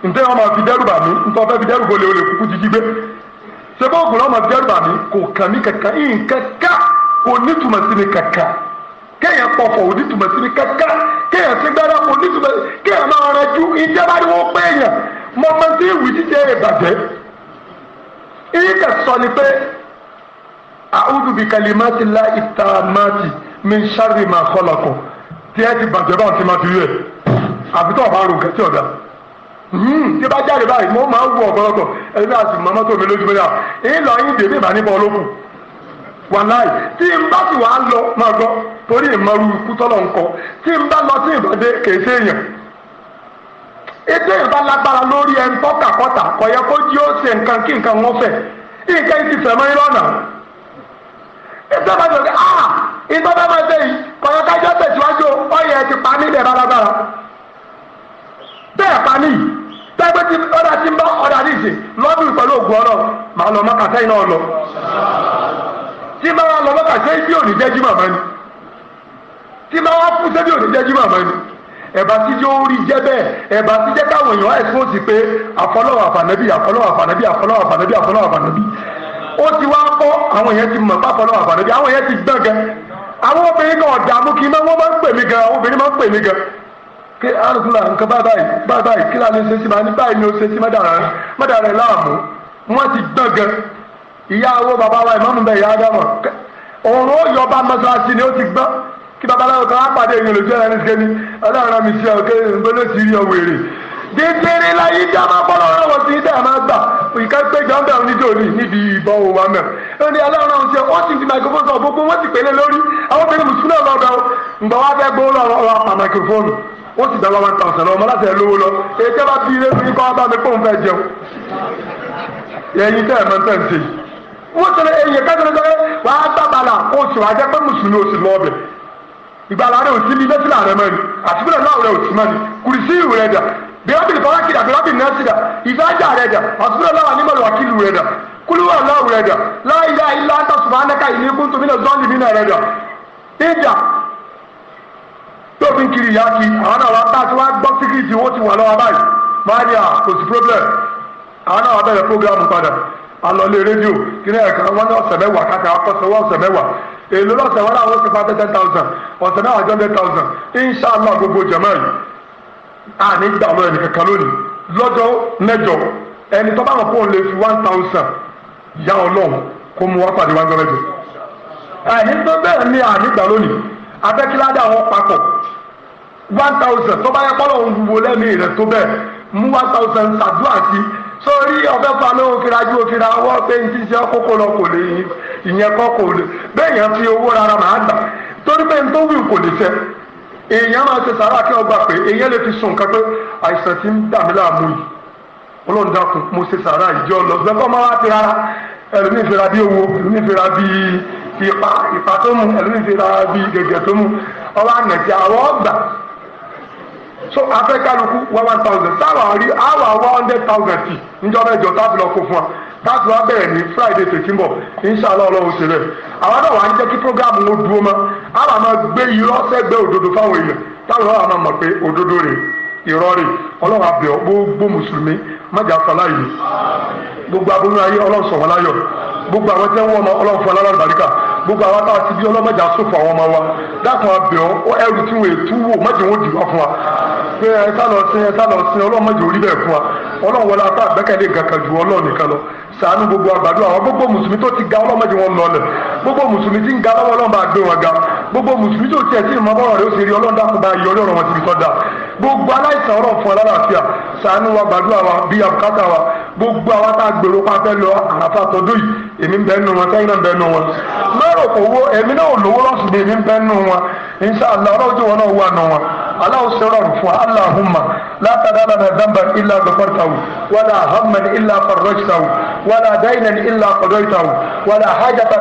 ǹtẹ́ wọn máa fi dẹ́rù bà mí fi dẹ́rù kéèyàn pọ̀fọ̀ onítùmọ̀ sí ni kankan kéèyàn sí gbára kò onítùmọ̀ kéèyàn máa rẹjú ìjẹ́ bá rí wọ́n pé èèyàn mo mọ sí ìwì jíjẹ ìbàjẹ́ ìyíkà sọ ni pé a'udhu bi kalimati llahi tammati min sharri ma khalaqa tí ẹ ti bàjẹ́ bá ti máa ti rí ẹ̀ àfi tó ọba rò kẹ́tì ọ̀dà hmm, tí bá jáde báyìí mo máa ń wọ ọ̀pọ̀lọpọ̀ ẹni náà sì mọ́ mọ́tò mi lójúmọ́ yà wàláì tí n bá sì wàá lọ máa gbọ́ torí ìmọ̀rú ikú tọ́lọ̀ ń kọ tí n bá lọ sí ìbàdí kèé séèyàn ètò ìbá lágbára lórí ẹni tọ́kàkọ́tà kò yẹ kó jí ó ṣe nǹkan kí nǹkan wọn fẹ̀ nǹkan ti fẹ̀ mọ́ irọ́ náà ìjọba ìjọba ah ìjọba máa ṣe yìí kò yẹ kájọ́ tẹ̀síwájú ọyẹ ti pa mí lẹ́ẹ̀ bálágbára bẹ́ẹ̀ pa mí yìí tẹ́gbẹ́ ti ọ̀dà ti ń bá ọ̀dà ní ìsìn lọ́dún pẹ̀lú ògùn ọ̀nà màá lọ mọ́ kàtẹ́yìn náà lọ tí máa wá lọ mọ́kà ṣé bí òní jẹ́ jímọ̀ mọ́ni tí máa wá fún sẹ́bí òní jẹ́ jímọ̀ mọ́ni ẹ̀bà tí yóò rí jẹ́ bẹ́ẹ̀ ẹ̀bà tí jẹ́ káwọn èèyàn ẹ̀sùn ti pé àfọlọ́wọ́ àfànàbí àfọlọ́wọ́ àfànàbí àfọlọ́wọ́ àfànàbí àfọlọ́wọ́ àfànàbí ó ti wá fọ́ àwọn èèyàn ti mọ̀ pápọ̀lọ́wọ́ àfànàbí àwọn èèyàn ti gbọ́n gan àwọn obìnrin kan ọ̀dà mú kí wọ́n máa ń pè mí gan àwọn obìnrin máa ń pè mí gan kí arúgbó nǹkan bá báyìí bá báyìí kí láàánú ṣe sí máa ní báyìí ni ó ṣe sí mọ́dàrá mọ́dàrá láàmú wọ́n ti gbọ́n gan ìyáwó bàbá wa ìmọ̀mù bẹ̀ ìyá ádámọ̀ òun ó yọ ọba mọ́ṣáláṣí ni ó ti gbọ́ kí babaláwo kan á pàdé èèyàn lójú ẹ̀rọ níṣẹ́ ni ọlọ́run mi sí ọ̀kẹ́ ìgbélé ti rí ọwọ́ èrè dídírí láyé dí a máa bọ́lọ̀ ọ̀rọ̀ sí ní dẹ́ẹ̀ máa gbà ìka pé jọ́ńbẹ̀ onídòní níbi ìbọn òwò wa mẹ́rin ó ní ọlọ́run ọ̀hún ṣe ó sì fi microphone sọ gbogbo wọ́n sì pèlè lórí àwọn obìnrin mùsùlùmí ọlọ́dọ̀ ǹgbọ́n wá fẹ́ gbówó lọ́wọ́ ọ̀rọ̀ àpà microphone wọ́n sì gbàgbọ́ one thousand ọmọ láti ẹ̀ lówó wọ́n tẹ̀lé eyín kẹ́tọ́ tẹ́lẹ̀ wàá gbàgbàlà oṣù àjẹ́ pé mùsùlùmí oṣù lọ ọbẹ̀ ìgbàlà rẹ̀ òsì mi lẹ́sìn àrẹ mẹ́rin àtìgbẹ́lẹ̀ náà rẹ̀ òsì mẹ́rin kùrìsì rẹ̀ dà bírábìlì tọ́lákìdà bírábìlì nẹ́sìdà ìfẹ́jà rẹ̀ dà àtìgbẹ́lẹ̀ náà nímọ̀lù wàkìlù rẹ̀ dà kúlúwà náà dà láyà ilá ń tàṣùmọ̀ alọ́lé rédíò kíní ẹ̀ka wọn ní ọ̀sẹ̀ mẹ́wàá kàkà akọ́sẹ̀ wọn ọ̀sẹ̀ mẹ́wàá èlò lọ́sẹ̀ wọn làwọn ti fa ten thousand ọ̀sẹ̀ náà àjọ ten thousand inshàlá gbogbo jẹ̀mọ́ yìí a ní gbà ọmọ ẹnì kankan lónìí lọ́jọ́ mẹ́jọ ẹni tó bá wọn kó lè fi one thousand yá ọlọ́run kó mu wá pàdé one thousand. ẹ̀yin tó bẹ́ẹ̀ ni àní gbà lónìí abẹ́kíládà wọn papọ̀ one thousand tó bá yẹ kọ́ lọ́run wọlé mi rẹ̀ tó bẹ́ẹ̀ mú one thousand ṣàdúrà sí i sórí ọbẹ̀ falóhùn firajú òfìrà ọwọ́ pé ní ṣíṣe ọkókó lọ kò lè ìyẹn kọ́ kò lè bẹ́ẹ̀ yẹn fi owó rárá màá gbà torí pé nítorí wíwù kò lè fẹ́ èèyàn máa ṣe sàrà kí ọgbà pé èèyàn lè fi sùn nǹkan pé àìsàn ti ń dà mí láàmú yìí ọlọ́run dákun mo ṣe sàrà ìjọ lọ lọ́kọ́ máa wá ti rárá ẹlòmíì fira bí owó ẹlòmíì fira bí ipa ipa tó mu ẹlòmíì fira bí gẹ̀gẹ̀ tó mu ọba ànàjà àwọn ọgbà so afẹ́kálukú wá one thousand awa rí àwa wá hundred thousand sí níjọba ìjọ táàbí lọ kó fún wa táàbí wá bẹ̀rẹ̀ ní friday tó ti ń bọ̀ inshallah ọlọ́run ṣe bẹ́ẹ̀ àwa náà wà ń jẹ́ kí program wọn dúró mọ́ àwa máa gbé irọ́ sẹ́gbẹ́ òdodo fáwọn èèyàn táwọn máa mọ̀ pé òdodo ọlọ́run gbogbo mùsùlùmí májà yìí gbogbo ayé ọlọ́run sọ̀wọ́n láyọ̀ gbogbo àwọn ọmọ gbogbo àwọn táwọn ti bí ọlọ́mọdé àsòfò àwọn ọmọ wa dákun abẹ ọ ẹrù tí wọn ètú wò mọdé wọn dìbò fún wa pé ẹ sálọ sí ẹ sálọ sí ọlọ́mọdé orí bẹ́ẹ̀ fún wa ọlọ́run wọlé apá àgbẹ́kẹ̀lé gàkà ju ọlọ́run nìkan lọ ṣàánú gbogbo àgbàdo àwọn gbogbo mùsùlùmí tó ti ga ọlọ́mọdé wọn lọ lẹ gbogbo mùsùlùmí tí ń ga lọ́wọ́ ọlọ́run bá gbé wọn ga gbogbo mùsùlùmí tó tiẹ̀ tí ìmọ̀ bọ́ọ̀rọ̀ rẹ̀ ó ṣe rí ọlọ́run dákun bá yọ ọlọ́run wọn ti fi tọ́ da gbogbo aláìsàn ọlọ́run fún wa lálàáfíà ṣàánú wa gbàdúrà wa bíi àbùkátà wa gbogbo àwọn tá a gbèrò pa fẹ́ lọ àràfà tọdún yìí èmi ń bẹ nù wọn sẹ́yìn náà ń bẹ nù wọn mẹ́rò kò wó èmi náà ò lówó lọ́sùn ní èmi ń bẹ nù wọn inṣàlá ọlọ́run wọn náà wà nù wọn aláwọ̀ sọ̀rọ̀ fún aláhùnmá látàdá lànà dánbà ilà gbàfọ́tàwù wàlà hàmàn ilà fàrọ́ṣtàwù wàlà dáìnàn ilà kọ̀dọ̀ìtàwù wàlà hajjata